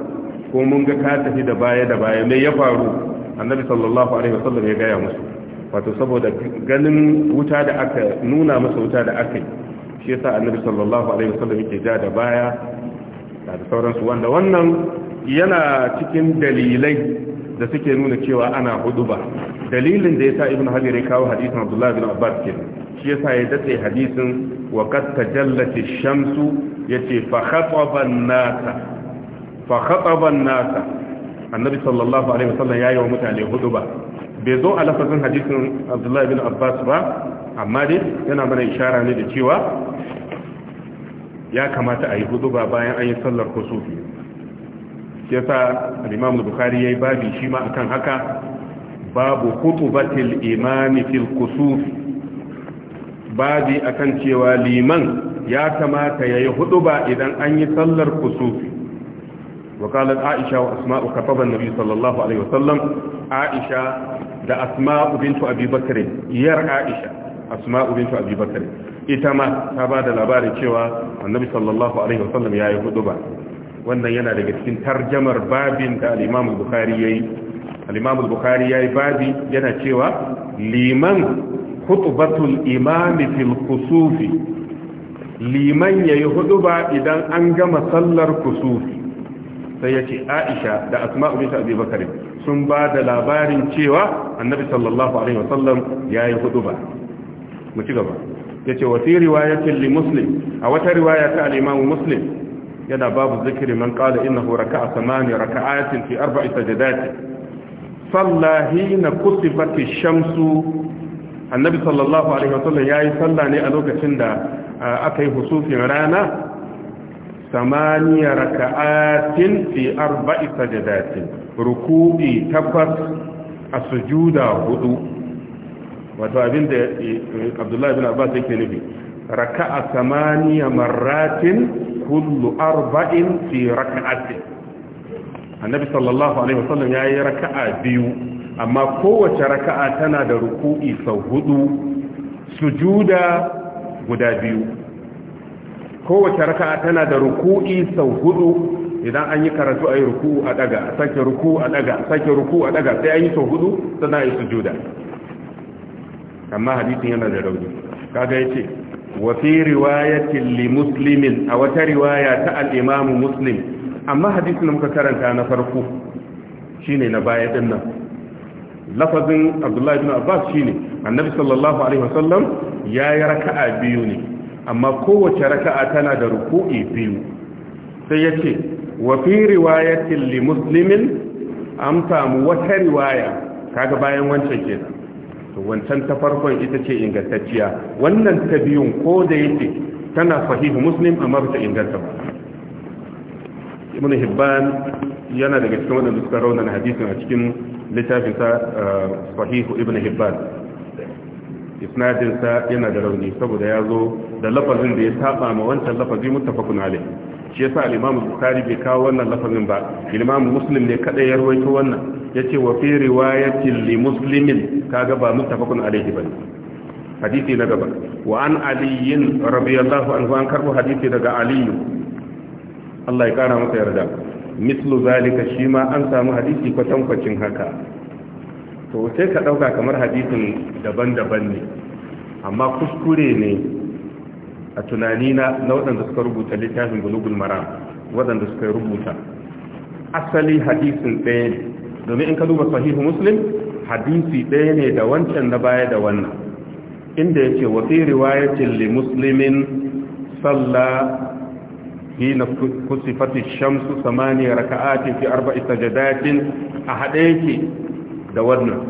ko mun ga ka tafi da baya da baya me ya faru annabi sallallahu alaihi wasallam ya gaya musu wato saboda ganin wuta da aka nuna masa wuta da aka yi shi yasa annabi sallallahu alaihi wasallam yake ja da baya da sauransu wanda wannan yana cikin dalilai da suke nuna cewa ana huduba dalilin da yasa ibnu hajar ya kawo hadisin abdullahi bin abbas ke shi yasa ya datse hadisin wa qad Jallace shamsu ya ce nasa fa annabi sallallahu alaihi wasallam yayi wa mutane ba bai zo a lafazin hadisin abdullahi bin abbas ba amma dai yana mana ishara ne da cewa ya kamata a yi ba bayan an yi sallar kusufi ya sa alimamu bukari ya yi babi shi ma akan haka babu hutubatil imami fil kusur babi akan cewa liman ya kamata ya yi hutuba idan an yi sallar kusur wakalar aisha wa asma'u kafaban nabi sallallahu alaihi wasallam aisha da asma'u bintu abubakar yar aisha asma'u bintu abubakar ita ma ta ba da labarin cewa annabi sallallahu alaihi wasallam ya yi hutuba wannan yana daga cikin tarjamar babin da al-Imam al-Bukhari yayi al-Imam al babi yana cewa liman khutbatul imam fil kusufi liman ya yayi huduba idan an gama sallar kusufi sai ya yace Aisha da Asma'u bint Abi Bakr sun ba da labarin cewa Annabi sallallahu alaihi wasallam yayi huduba mu ci gaba ya ce wasi riwayatin li Muslim a wata riwaya ta Alimamu imam Muslim yana babu zikiri man qala innahu raka'a samani raka'atin fi arba'i sajadatin Sallahi na kusifat ash-shamsu annabi sallallahu alaihi wa sallam yayi salla ne a lokacin da uh, aka yi husufin rana samani raka'atin fi arba'i sajadatin ruku'i takwas a sujuda hudu wato abinda eh, abdullahi bin abbas yake nufi raka'a samaniya marratin kullu arba'in fi raka'atin annabi sallallahu alaihi wasallam yayi raka'a biyu amma kowace raka'a tana da ruku'i sau hudu sujuda guda biyu kowace raka'a tana da ruku'i sau hudu idan an yi karatu ayi ruku'u a daga sake ruku'u a daga sake ruku'u a daga sai an yi sau hudu san'a yi sujuda amma hadisin yana da rauni kaga yace wa fi riwayatin li a wata riwaya ta al-imamu muslim amma muka karanta na farko shine na baya din nan lafazin abdullahi ibn abbas shine annabi sallallahu alaihi wasallam ya yi raka'a biyu ne amma kowace raka'a tana da ruku'i biyu sai yace wa muslimin an samu wata riwaya ga bayan wancan kenan to wancan ta farkon ita ce ingantacciya wannan ta biyun ko da yake tana sahihu muslim amma ba ta inganta ba ibn hibban yana daga cikin wadanda suka raunana hadisin a cikin littafin sa eh, sahihu ibn hibban isnadin sa yana da rauni saboda ya zo da lafazin da ya saba ma wancan lafazi muttafaqun alayh shi yasa al-Imam Bukhari bai kawo wannan lafazin ba al-Imam Muslim ne kadai ya rawaito wannan yace wa fi riwayatin li muslimin kaga ba muttafaqun alayhi bane hadisi na gaba wa an ali radiyallahu anhu an karbo hadisi daga ali Allah ya kara masa yarda mislu zalika shi ma an samu hadisi kwatankwacin haka to sai ka dauka kamar hadisin daban-daban ne amma kuskure ne a tunanina na waɗanda suka rubuta littafin bulugul maram waɗanda suka rubuta asali hadisin ɗaya ne domin in ka duba sahihu muslim hadisi ɗaya ne da wancan na baya da wannan inda ya ce wafi riwayatin li muslimin salla hina kusifati shamsu samaniya raka'atin fi arba isa sajadatin a haɗe yake da wannan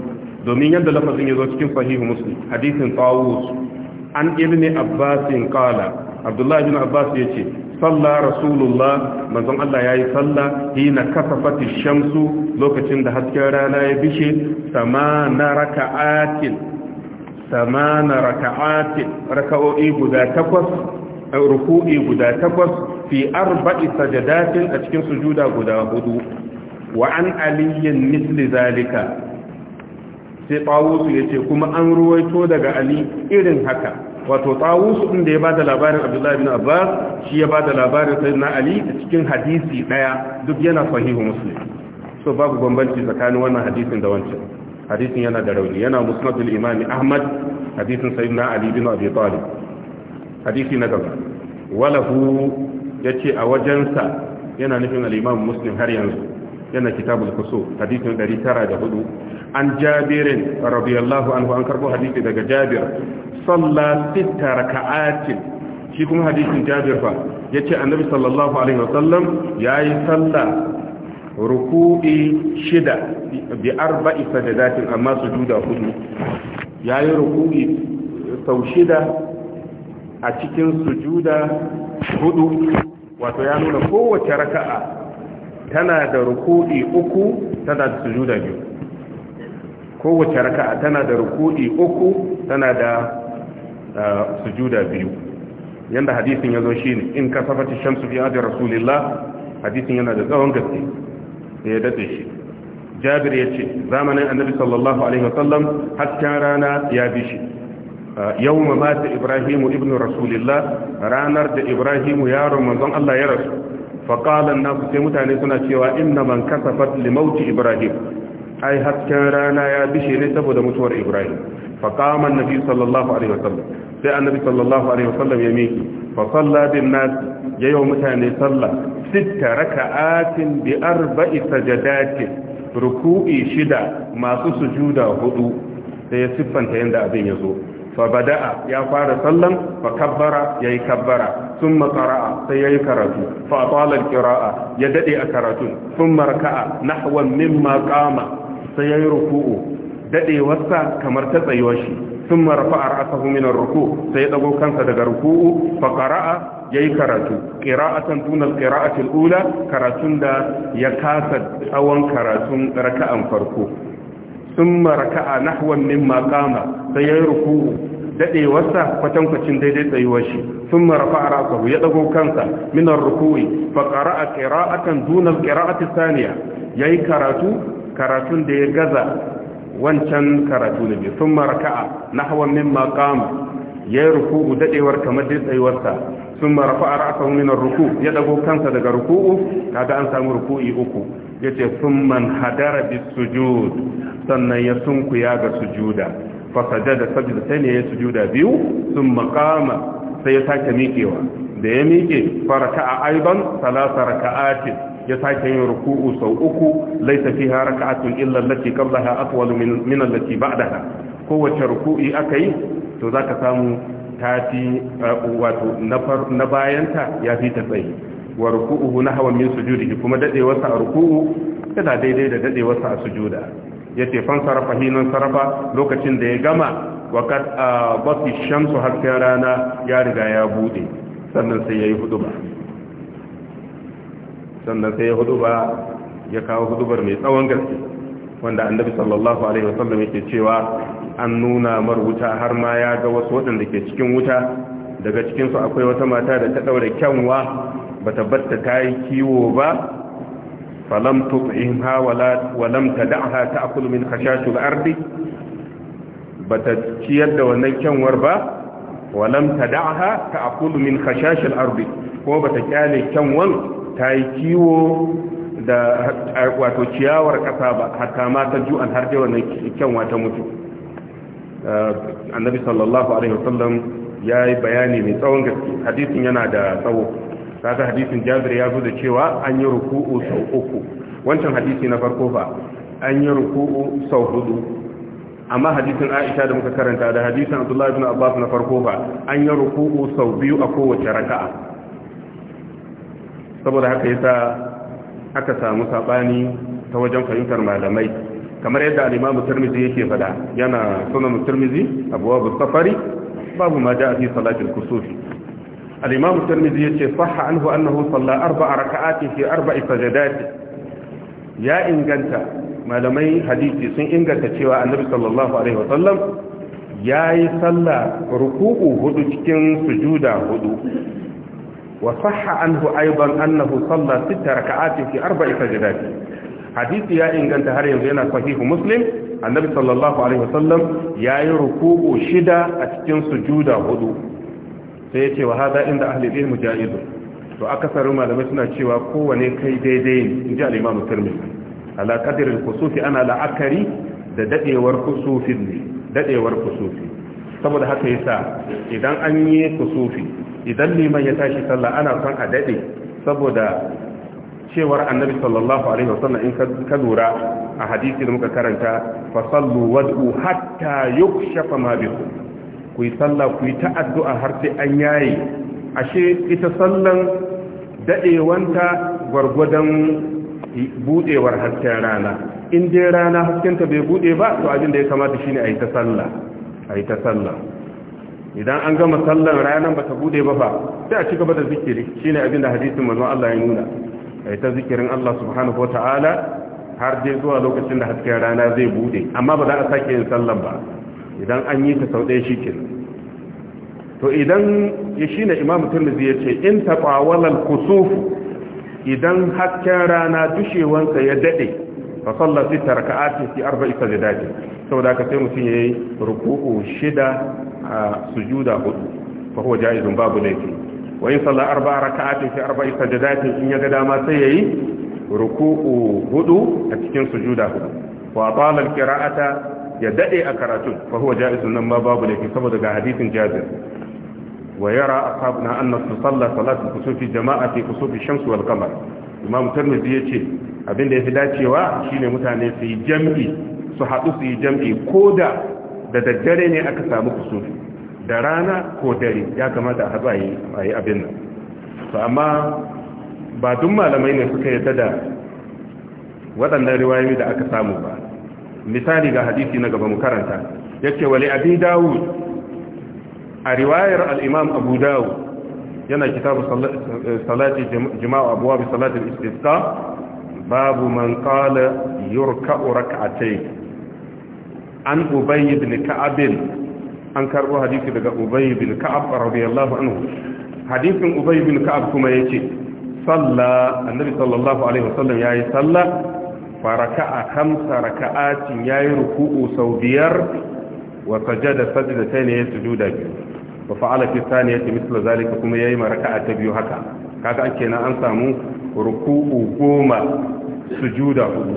domin yadda lafazin ya zo cikin sahihu muslim hadisin tawus an ibn abbasin kala abdullahi ibn abbas ce salla rasulullah manzon Allah yayi salla hina kasafati shamsu lokacin da hasken rana ya bishe samana raka'atin samana raka'atin raka'o'i guda takwas ruku'i guda takwas fi arba'i sajadatin a cikin sujuda guda hudu wa an aliyin misli zalika sai bawosu ya ce kuma an ruwaito daga ali irin haka wato tawusu din da ya bada labarin abdullahi bin abbas shi ya bada labarin sayyidina ali a cikin hadisi daya duk yana sahihu muslim so babu bambanci tsakanin wannan hadisin da wancan hadisin yana da rauni yana musnad al-imam ahmad hadisin sayyidina ali bin abi talib hadisi na gaba walahu yace a wajensa yana nufin al-imam muslim har yanzu yana kitabul kusur hadisin 904 an jabirin radiyallahu anhu an karbo hadithi daga jabir salla sita raka'atin shi kuma hadisin jabir fa yace annabi sallallahu alaihi wasallam yayi salla ruku'i shida bi arba'i sajadatin amma sujuda hudu yayi ruku'i sau shida a cikin sujuda hudu wato ya nuna kowace raka'a tana da ruku'i uku tana da sujuda biyu kowace raka'a tana da ruku'i uku tana da uh, sujuda biyu yanda hadisin ya zo shi ne in ka safati shamsu fi ajiyar rasulillah hadisin yana da tsawon gaske da ya daɗe shi jabir ya ce zamanin annabi sallallahu alaihi wasallam hasken rana ya bi shi uh, yau mamata ibrahimu ibn rasulillah ranar da ibrahimu yaron manzon allah ya rasu faƙalan nasu sai mutane suna cewa inna man kasafat limauti ibrahim ai hasken rana ya bishe ne saboda mutuwar ibrahim faƙaman nabi sallallahu alaihi wasallam sai annabi sallallahu alaihi wasallam ya miki fa salla bin nas ya yau mutane salla sita raka'atin bi arba'i sajadatin ruku'i shida masu sujuda hudu sai ya siffanta yanda abin ya zo fa bada'a ya fara sallan fa kabbara yayi kabbara thumma qara'a sai yayi karatu fa atala alqira'a ya dade a karatun thumma raka'a nahwan mimma qama sai yayi ruku'u dadewarsa kamar ta tsayuwar shi thumma rafa'a ra'sahu min ar-ruku' sai ya dago kansa daga ruku'u fa qara'a yayi karatu qira'atan dunal qira'ati al-ula karatun da ya kasa tsawon karatun raka'an farko summa raka'a nahwan mimma qama sai ya yi ruku daɗewarsa kwatankwacin daidai tsayuwar shi sun marafa a rasahu ya ɗago kansa minar rukuwi fa a kan dunar a tisaniya ya yi karatu karatun da ya gaza wancan karatu na biyu sun maraka'a na hawan min maƙam ya yi ruku'u daɗewar kamar dai tsayuwarsa sun marafa a ra'asahu minar ruku ya ɗago kansa daga ruku'u kaga an samu ruku'i uku ya ce sun man hadara bi sujud sannan ya sunkuya ga sujuda fasaja da sajda sai ne ya sujuda biyu sun makama sai ya sake miƙewa da ya miƙe faraka a aiban salasa raka'atin ya sake yin ruku'u sau uku laisa fiha raka'atun illa allati qablaha atwal min allati ba'daha kowace ruku'i yi, to zaka samu tafi uh, wato na bayanta ya fi ta tsayi wa na nahwa min sujudihi kuma dadewarsa a ruku'u yana daidai da dadewarsa a sujuda yace fan sarafa hinan sarafa lokacin da ya gama wakat ah, basi shamsu hasken rana ya riga ya bude sannan sai yayi huduba sannan sai ya huduba ya kawo hudubar mai tsawon gaske wanda annabi sallallahu alaihi wasallam yake cewa an nuna mar wuta har ma ya ga wasu waɗanda ke cikin wuta daga cikinsu akwai wata mata da ta ɗaure kyanwa ba ta batta ta yi kiwo ba falam tu'inha wala walam tad'aha ta'kul min khashash al-ardi bata ciyar da wannan kyanwar ba walam tad'aha ta'kul min khashash al-ardi ko bata kyale kyanwan yi kiwo da wato ciyawar kasa ba hatta ma ta ju'an har dai wannan kyanwa ta mutu annabi sallallahu alaihi wasallam yayi bayani mai tsawon gaske hadisin yana da tsawo kaga hadisin jabir ya zo da cewa an yi ruku'u sau uku wancan hadisi na farko fa an yi ruku'u sau hudu amma hadisin aisha da muka karanta da hadisin abdullahi abbas na farko fa an yi ruku'u sau biyu a kowace raka'a saboda haka yasa aka samu sabani ta wajen fahimtar malamai kamar yadda al-imamu tirmidhi yake fada yana sunan tirmidhi abwaab safari babu ma ja'a fi salatil kusufi Alimamu imam ya ce yace anhu annahu salla arba arba'a raka'ati fi arba arba'i sajadati ya inganta malamai hadisi sun inganta cewa annabi sallallahu alaihi wasallam yi salla ruku'u hudu cikin sujuda hudu wa sahha anhu aidan annahu salla sita raka'ati fi arba arba'i sajadati hadisi ya inganta har yanzu yana sahihu muslim annabi sallallahu alaihi wasallam yi ruku'u shida a cikin sujuda hudu sai ya ce wa hada inda ahli ilmi jaizu to akasarin malamai suna cewa kowane kai daidai ne inji al-imam tirmidhi ala kusufi ana la'akari da dadewar khusufin ne dadewar kusufi saboda haka yasa idan an yi kusufi idan liman ya tashi sallah ana son a daɗe saboda cewar annabi sallallahu alaihi wasallam in ka lura a hadisi da muka karanta fa sallu wad'u hatta yukshafa ma bikum ku yi sallah ku yi ta addu'a har sai an yaye ashe ita sallan dadewanta gwargwadon buɗewar hasken rana in dai rana haskenta bai bude ba to abin da ya kamata shine a ta sallah a yi ta sallah idan an gama sallan ranar ba ta bude ba fa sai a ci gaba da zikiri shine abin da hadisin manzo Allah ya nuna a yi ta zikirin Allah subhanahu wa har dai zuwa lokacin da hasken rana zai buɗe amma ba za a sake yin sallan ba idan an yi ta sau ɗaya shi to idan ya shi ne imamu turmizi ya ce in taɓawalar kusufu idan hasken rana dushewansa ya daɗe fa sallar sita raka'ati fi arba'i sajidati saboda ka sai mutum yi ruku'u shida a sujuda hudu fa huwa jaizun babu laifi wa in salla arba'a raka'ati fi da sajidati in ya ga dama sai ya yi ruku'u hudu a cikin sujuda hudu wa qala al ya dade a karatun fa huwa ja'izun nan ma babu laifi saboda ga hadisin jabir wa yara ashabuna anna tusalla Salatu, kusufi jama'ati kusufi shams wal qamar imam tirmidhi yace abinda yafi dacewa shine mutane su yi jam'i su haɗu su yi jam'i koda da daddare ne aka samu kusufi da rana ko dare ya kamata a haɗu a yi abin nan to amma ba duk malamai ne suka yadda da waɗannan riwayoyi da aka samu ba misali ga hadisi na gaba mu karanta yace wali abi dawud a riwayar al-imam abu dawud yana kitabu salati jama'a abwab salati al-istisqa babu man qala yurka'u rak'atayn an ubay ibn ka'ab an karbo hadisi daga ubay ibn ka'ab radiyallahu anhu hadisin ubay ibn ka'ab kuma yace salla annabi sallallahu alaihi wasallam yayi sallah. faraka'a kamsa ya yayi ruku'u sau biyar wa sajada sajdatayn ya sujuda biyu wa fa'ala fi thaniyati mithla zalika kuma yayi maraka'a ta biyu haka kaga an kenan an samu ruku'u goma sujuda hudu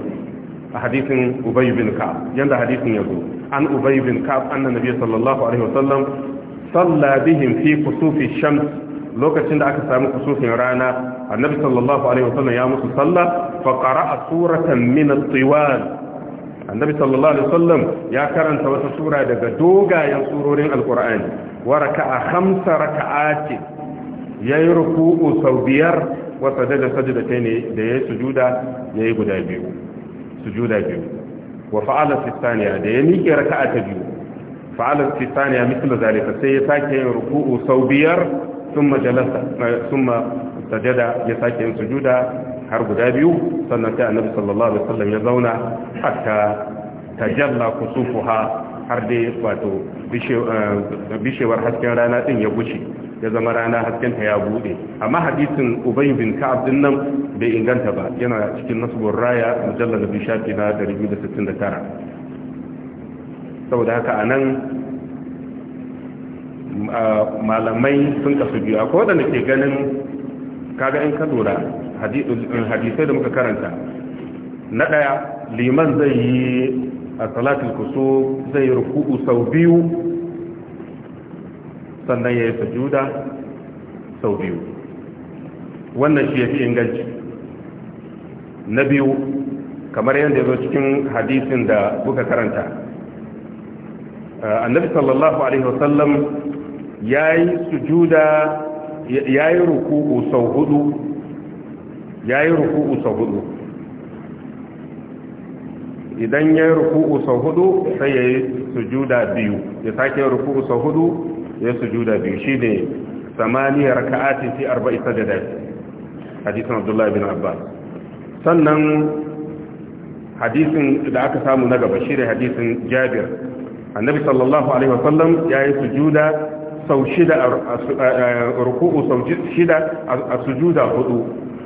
a hadisin ubay bin ka'ab yanda hadisin yazo an ubay bin ka'ab anna sallallahu alaihi wasallam salla bihim fi kusufi shams lokacin da aka samu kusufin rana annabi sallallahu alaihi wasallam ya musu sallah fa qara'a suratan min at-tiwal annabi sallallahu alaihi wasallam ya karanta wata sura daga dogayen surorin alqur'ani wa raka'a khamsa raka'ati yayi ruku'u sau biyar wa sajada sajdatayn da yayi sujuda yayi guda biyu sujuda biyu wa fa'ala fi da ya miƙe raka'a ta biyu fa'ala fi thaniya mithlu zalika sai ya sake yin ruku'u sau biyar ثم جلس ثم سجد يساكي yin sujuda har guda biyu sannan sai annabi sallallahu alaihi wasallam ya zauna hatta tajalla kusufuha har dai wato bishewar hasken rana din ya guce ya zama rana haskenta ya bude amma hadisin ubay bin ka'ab nan bai inganta ba yana cikin nasbur raya mujallal bi da na 269 saboda haka malamai sun kasu biyu akwai waɗanda ke ganin kaga in ka lura hadisai da muka karanta na ɗaya liman zai yi a salatul kuso zai yi ruku'u sau biyu sannan ya yi sujuda sau biyu wannan shi ya fi inganci na biyu kamar yadda ya zo cikin hadisin da muka karanta annabi sallallahu alaihi wasallam yayi sujuda yayi ruku'u sau hudu yayi ruku'u sau hudu idan yayi ruku'u sau hudu sai yayi sujuda biyu ya sake ruku'u sau hudu ya sujuda biyu shine samaniya raka'atin fi arba'i sajadat hadisin abdullahi bin abbas sannan hadisin da aka samu na gaba shi ne hadisin jabir annabi sallallahu alaihi wasallam ya yi sujuda sau shida a ruku'u sau shida a sujuda hudu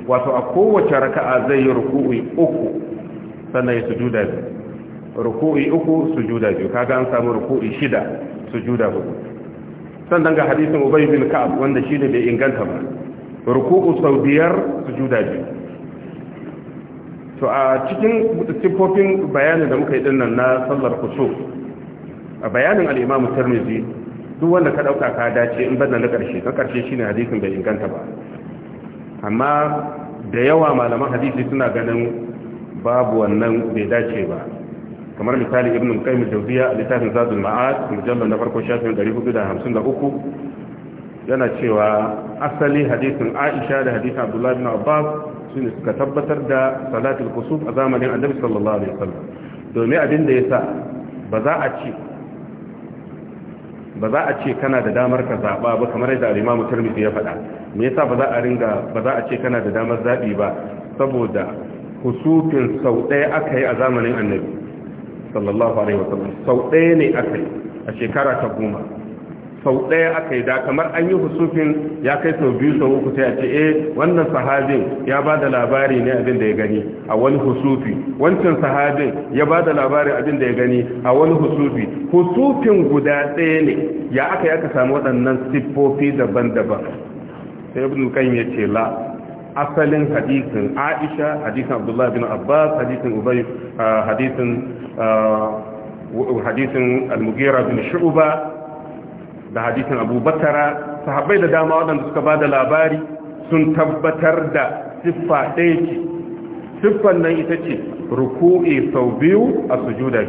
wato a kowace raka'a zai yi ruku'u uku sannan ya sujuda biyu ruku'u uku sujuda biyu kaga an samu ruku'u shida sujuda hudu sannan ga hadisin ubay bin ka'ab wanda shine bai inganta ba ruku'u sau biyar sujuda biyu to a cikin siffofin bayanin da muka yi dinnan na sallar kusur a bayanin al-imam tirmidhi duk wanda ka dauka ka dace in banda na karshe na karshe shine hadisin bai inganta ba amma da yawa malaman hadisi suna ganin babu wannan bai dace ba kamar misali ibn qayyim al-jawziya a littafin zadul ma'ad mujallal na farko shafin 453 yana cewa asali hadisin aisha da hadisin abdullahi ibn abbas shine suka tabbatar da salatul kusuf a zamanin annabi sallallahu alaihi wasallam domin abin da yasa ba za a ci ba za a ce kana da damar ka zaɓa ba kamar yadda al'imamu turmisi ya faɗa me yasa ba za a ringa ba za a ce kana da damar zaɓi ba saboda husufin sau ɗaya aka yi a zamanin annabi sallallahu alaihi wasallam sau ɗaya ne aka yi a shekara ta goma sau ɗaya aka yi da kamar an yi husufin ya kai sau biyu sau uku sai a ce eh wannan sahabin ya ba da labari ne abin da ya gani a wani husufi wancan sahabin ya ba da labari abin da ya gani a wani husufi husufin guda ɗaya ne ya aka yi aka samu waɗannan siffofi daban-daban sai ibn ya ce la asalin hadisin aisha hadisin abdullahi bin abbas hadisin ubay ah, hadisin ah, hadisin al-mughira bin shu'ba da hadisin abubakara sahabbai da dama waɗanda suka ba da labari sun tabbatar da siffa ɗaya ce siffan nan ita ce ruku'i sau biyu a sujuda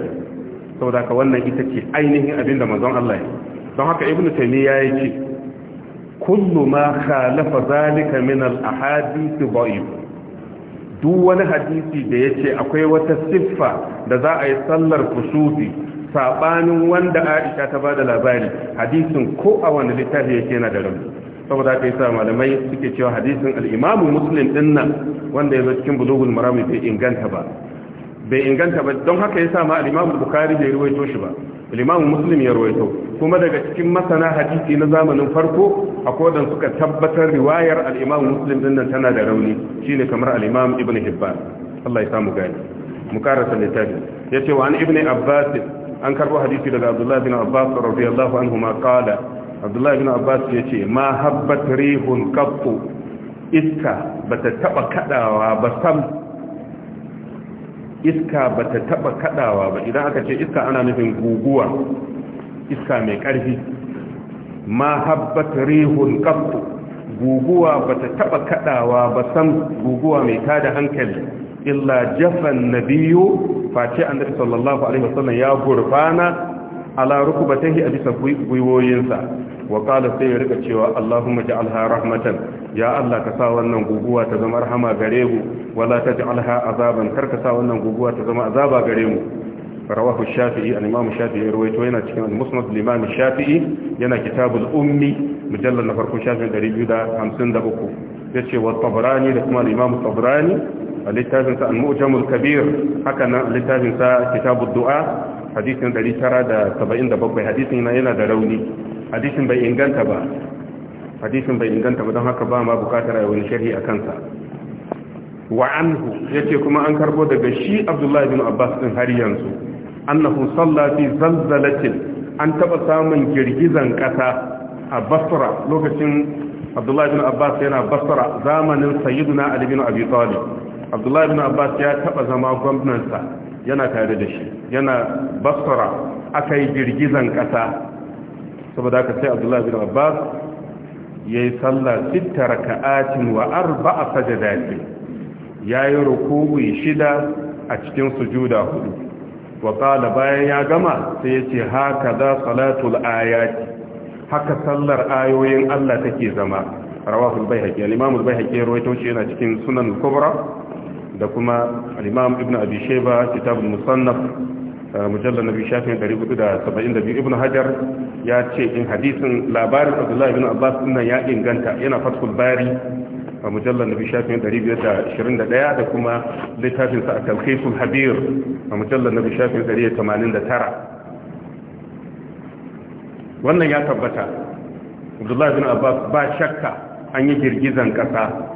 sau da wannan ita ce ainihin abin da mazan Allah ya don haka ibn taimi ya ce kullu ma khalafa zalika min al-ahadith da'if duk wani hadisi da yace akwai wata siffa da za a yi sallar kusufi sabanin wanda Aisha ta bada labari hadisin ko a wani littafi yake yana da rauni saboda haka sa malamai suke cewa hadisin al-Imam Muslim din nan wanda yake cikin bulughul maram bai inganta ba bai inganta ba don haka yasa ma al-Imam Bukhari bai ruwaito shi ba al-Imam Muslim ya ruwaito kuma daga cikin masana hadisi na zamanin farko akwai dan suka tabbatar riwayar al-Imam Muslim din nan tana da rauni shine kamar al-Imam Ibn Hibban Allah ya samu gani mukarrasa karanta yace wa an Ibn Abbas an karbo hadisi daga abdullahi bin abbas radiyallahu anhu ma qala abdullahi bin abbas yace ma habbat rihun qattu iska bata taba kadawa ba sam iska bata taba kadawa ba idan aka ce iska ana nufin guguwa iska mai karfi ma habbat rihun qattu guguwa bata taba kadawa ba sam guguwa mai tada hankali illa jafan nabiyu face annabi sallallahu alaihi wasallam ya gurfana ala rukbatihi a bisa gwiwoyinsa wa qala sai ya rika cewa allahumma ja'alha rahmatan ya allah ka sa wannan guguwa ta zama rahama gare mu wala taj'alha azaban kar ka sa wannan guguwa ta zama azaba gare mu Rawahu shafi'i رواه الشافعي الإمام الشافعي رويته هنا المسند الإمام الشافعي هنا كتاب الأمي مجلد نفرق الشافعي دريب يدا خمسين دقوق يتشي والطبراني لكما الإمام الطبراني a littafin sa al-mu'jamul kabir haka nan littafin sa kitabud du'a hadisin 977 hadisin yana da rauni hadisin bai inganta ba hadisin bai inganta ba don haka ba ma bukatar a wani sharhi a kansa wa anhu yace kuma an karbo daga shi Abdullahi ibn Abbas din har yanzu annahu salla fi zalzalatin an taba samun girgizan kasa a Basra lokacin Abdullahi ibn Abbas yana Basra zamanin Sayyidina Ali ibn Abi Talib abdullahi ibn abbas ya taba zama gwamnansa yana tare da shi yana basra aka yi girgizan kasa saboda aka sai abdullahi ibn abbas ya yi sallah sittar raka'atin wa arba'a sajadatin ya yi rukuwi shida a cikin sujuda hudu wa bayan ya gama sai ya ce haka da salatul ayati haka sallar ayoyin Allah take zama Rawa al-baihaqi al-imam al-baihaqi shi yana cikin sunan kubra da kuma Alimam ibn abi shayba kitabul musannaf uh, mujallal nabi shafin 472 ibn hajar ya ce in hadisin labarin abdullahi ibn abbas din ya inganta yana fathul bari a mujallar nabi shafin 521 da kuma littafinsa a talkaisul habir a mujallar nabi shafin 189 wannan ya tabbata abdullahi bin abbas ba shakka an yi girgizan kasa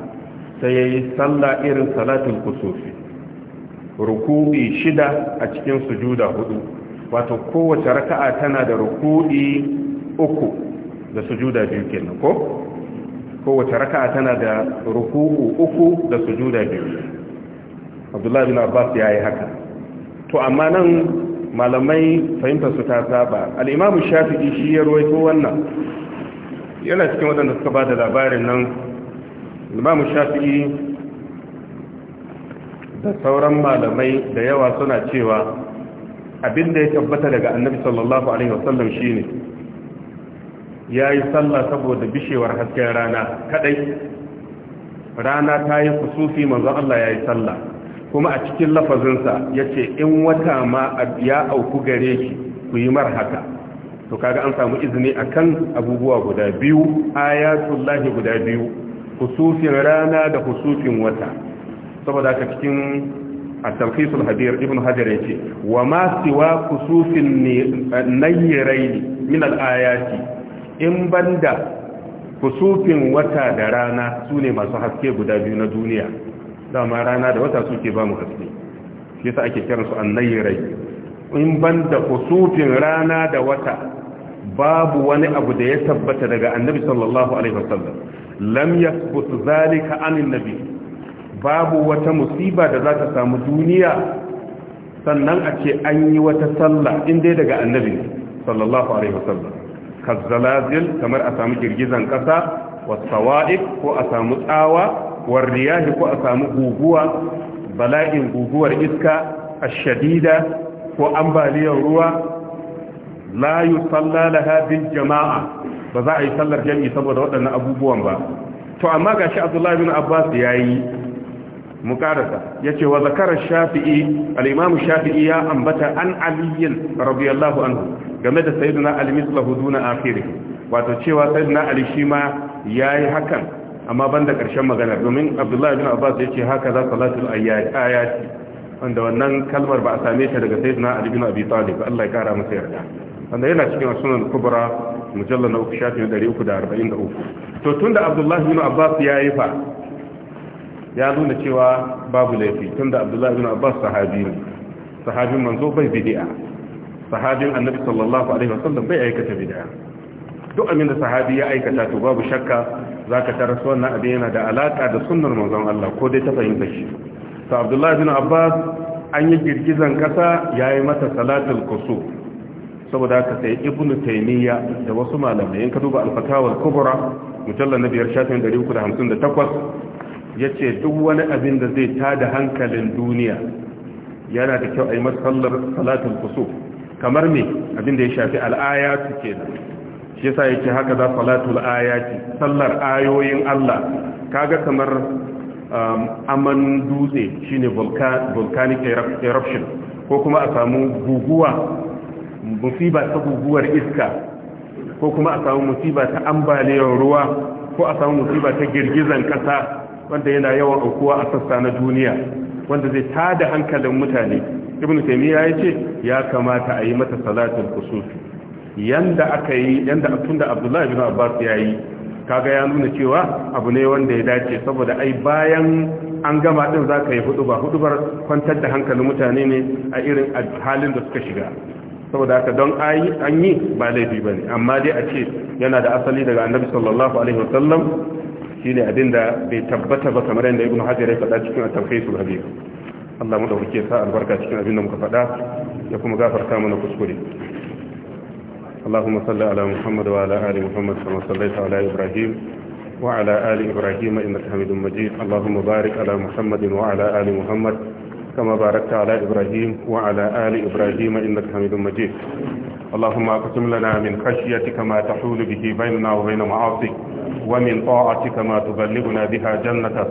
sai ya yi sallah irin salatin kusufi ruku'i shida a cikin sujuda hudu wato kowace raka'a tana da ruku'i uku da sujuda biyu kenan ko kowace raka'a tana da ruku'u uku da sujuda biyu abdullahi bin abbas ya yi haka to amma nan malamai fahimtar su ta saba al-imam shafi'i shi ya ruwaito wannan yana cikin waɗanda suka ba da labarin nan imamu shafi'i da sauran malamai da yawa suna cewa abin da ya tabbata daga annabi sallallahu alaihi wasallam shine ya sallah saboda bishewar hasken rana kadai rana ta yi kusufi manzon Allah ya yi sallah kuma a cikin lafazinsa ya ce in wata ma ya auku gare ki ku yi mar haka to kaga an samu izini akan abubuwa guda biyu ayatullahi guda biyu husufin rana da husufin wata saboda haka cikin at-talqisul hadir ibn hajar yace wa ma siwa husufin nayyirain min al-ayati in banda husufin wata da rana sune masu haske guda biyu na duniya dama rana da wata suke ba mu haske shi yasa ake kiransu annayyirai in banda husufin rana da wata babu wani abu da ya tabbata daga annabi sallallahu alaihi wasallam lam yasbut zalika anin nabi babu wata musiba da za ta samu duniya sannan a ce an yi wata sallah in dai daga annabi sallallahu alaihi wasallam kazzalazil kamar a samu girgizan kasa wasawa'ik ko a samu tsawa riyahi ko a samu guguwa bala'in guguwar iska ashadida ko ambaliyar ruwa la tsalla da haɗin jama'a ba za a yi sallar jami'i saboda waɗannan abubuwan ba to amma ga gashi Abdullah ibn Abbas ya yi yayi mukarasa yace wa zakara Shafi'i al Shafi'i ya ambata an Ali radiyallahu anhu game da sayyidina Ali mislahu duna akhirih wato cewa sayyidina Ali shi ma ya yi hakan amma ban da karshen magana domin Abdullahi ibn Abbas ya ce haka za salatul ayati wanda wannan kalmar ba a same ta daga sayyidina Ali ibn Abi Talib Allah ya kara masa yarda wanda yana cikin sunan kubra mujalla na uku shafin ɗari uku da arba'in da uku to tun da abdullahi bin abbas ya yi fa ya nuna cewa babu laifi tun da abdullahi bin abbas sahabi ne sahabin manzo bai bidi'a sahabin annabi sallallahu alaihi wasallam bai aikata bidi'a duk abin da sahabi ya aikata to babu shakka zaka tarar wannan abin yana da alaka da sunnar manzon Allah ko dai ta fahimta shi to abdullahi bin abbas an yi girgizan kasa yayi mata salatul kusuf saboda haka sai ibnu taymiya da wasu malamai in ka duba al-fatawa al-kubra mujallal na biyar shafin 358 yace duk wani abin da zai tada hankalin duniya yana da kyau a yi masallar salatul kusuf kamar me abin da ya shafi al-ayatu kenan shi yasa yake haka za salatul ayati sallar ayoyin Allah kaga kamar um, aman dutse shine volcanic eruption ko kuma a samu guguwa musiba ta guguwar iska ko kuma a samu musiba ta ambaliyar ruwa ko a samu musiba ta girgizan kasa wanda yana yawan aukuwa a sassa na duniya wanda zai tada hankalin mutane ibnu taymiya yace ya kamata a yi mata salatul kusufi yanda aka yi yanda tunda abdullahi ibn abbas ya yi kaga ya nuna cewa abu ne wanda ya dace saboda ai bayan an gama din zaka yi hudu ba hudu kwantar da hankalin mutane ne a irin halin da suka shiga saboda haka don an yi ba laifi ba ne amma dai a ce yana da asali daga annabi sallallahu alaihi wasallam shi ne abin da bai tabbata ba kamar yadda ibn hajar ya faɗa cikin a tafai su rabi allah mu sa albarka cikin abin da muka faɗa ya kuma gafarta mana kuskure اللهم صل على محمد وعلى آل محمد كما صليت على إبراهيم وعلى آل إبراهيم إنك حميد مجيد اللهم بارك على محمد وعلى آل محمد كما باركت على إبراهيم وعلى آل إبراهيم إنك حميد مجيد اللهم اقسم لنا من خشيتك ما تحول به بيننا وبين معاصيك ومن طاعتك ما تبلغنا بها جنتك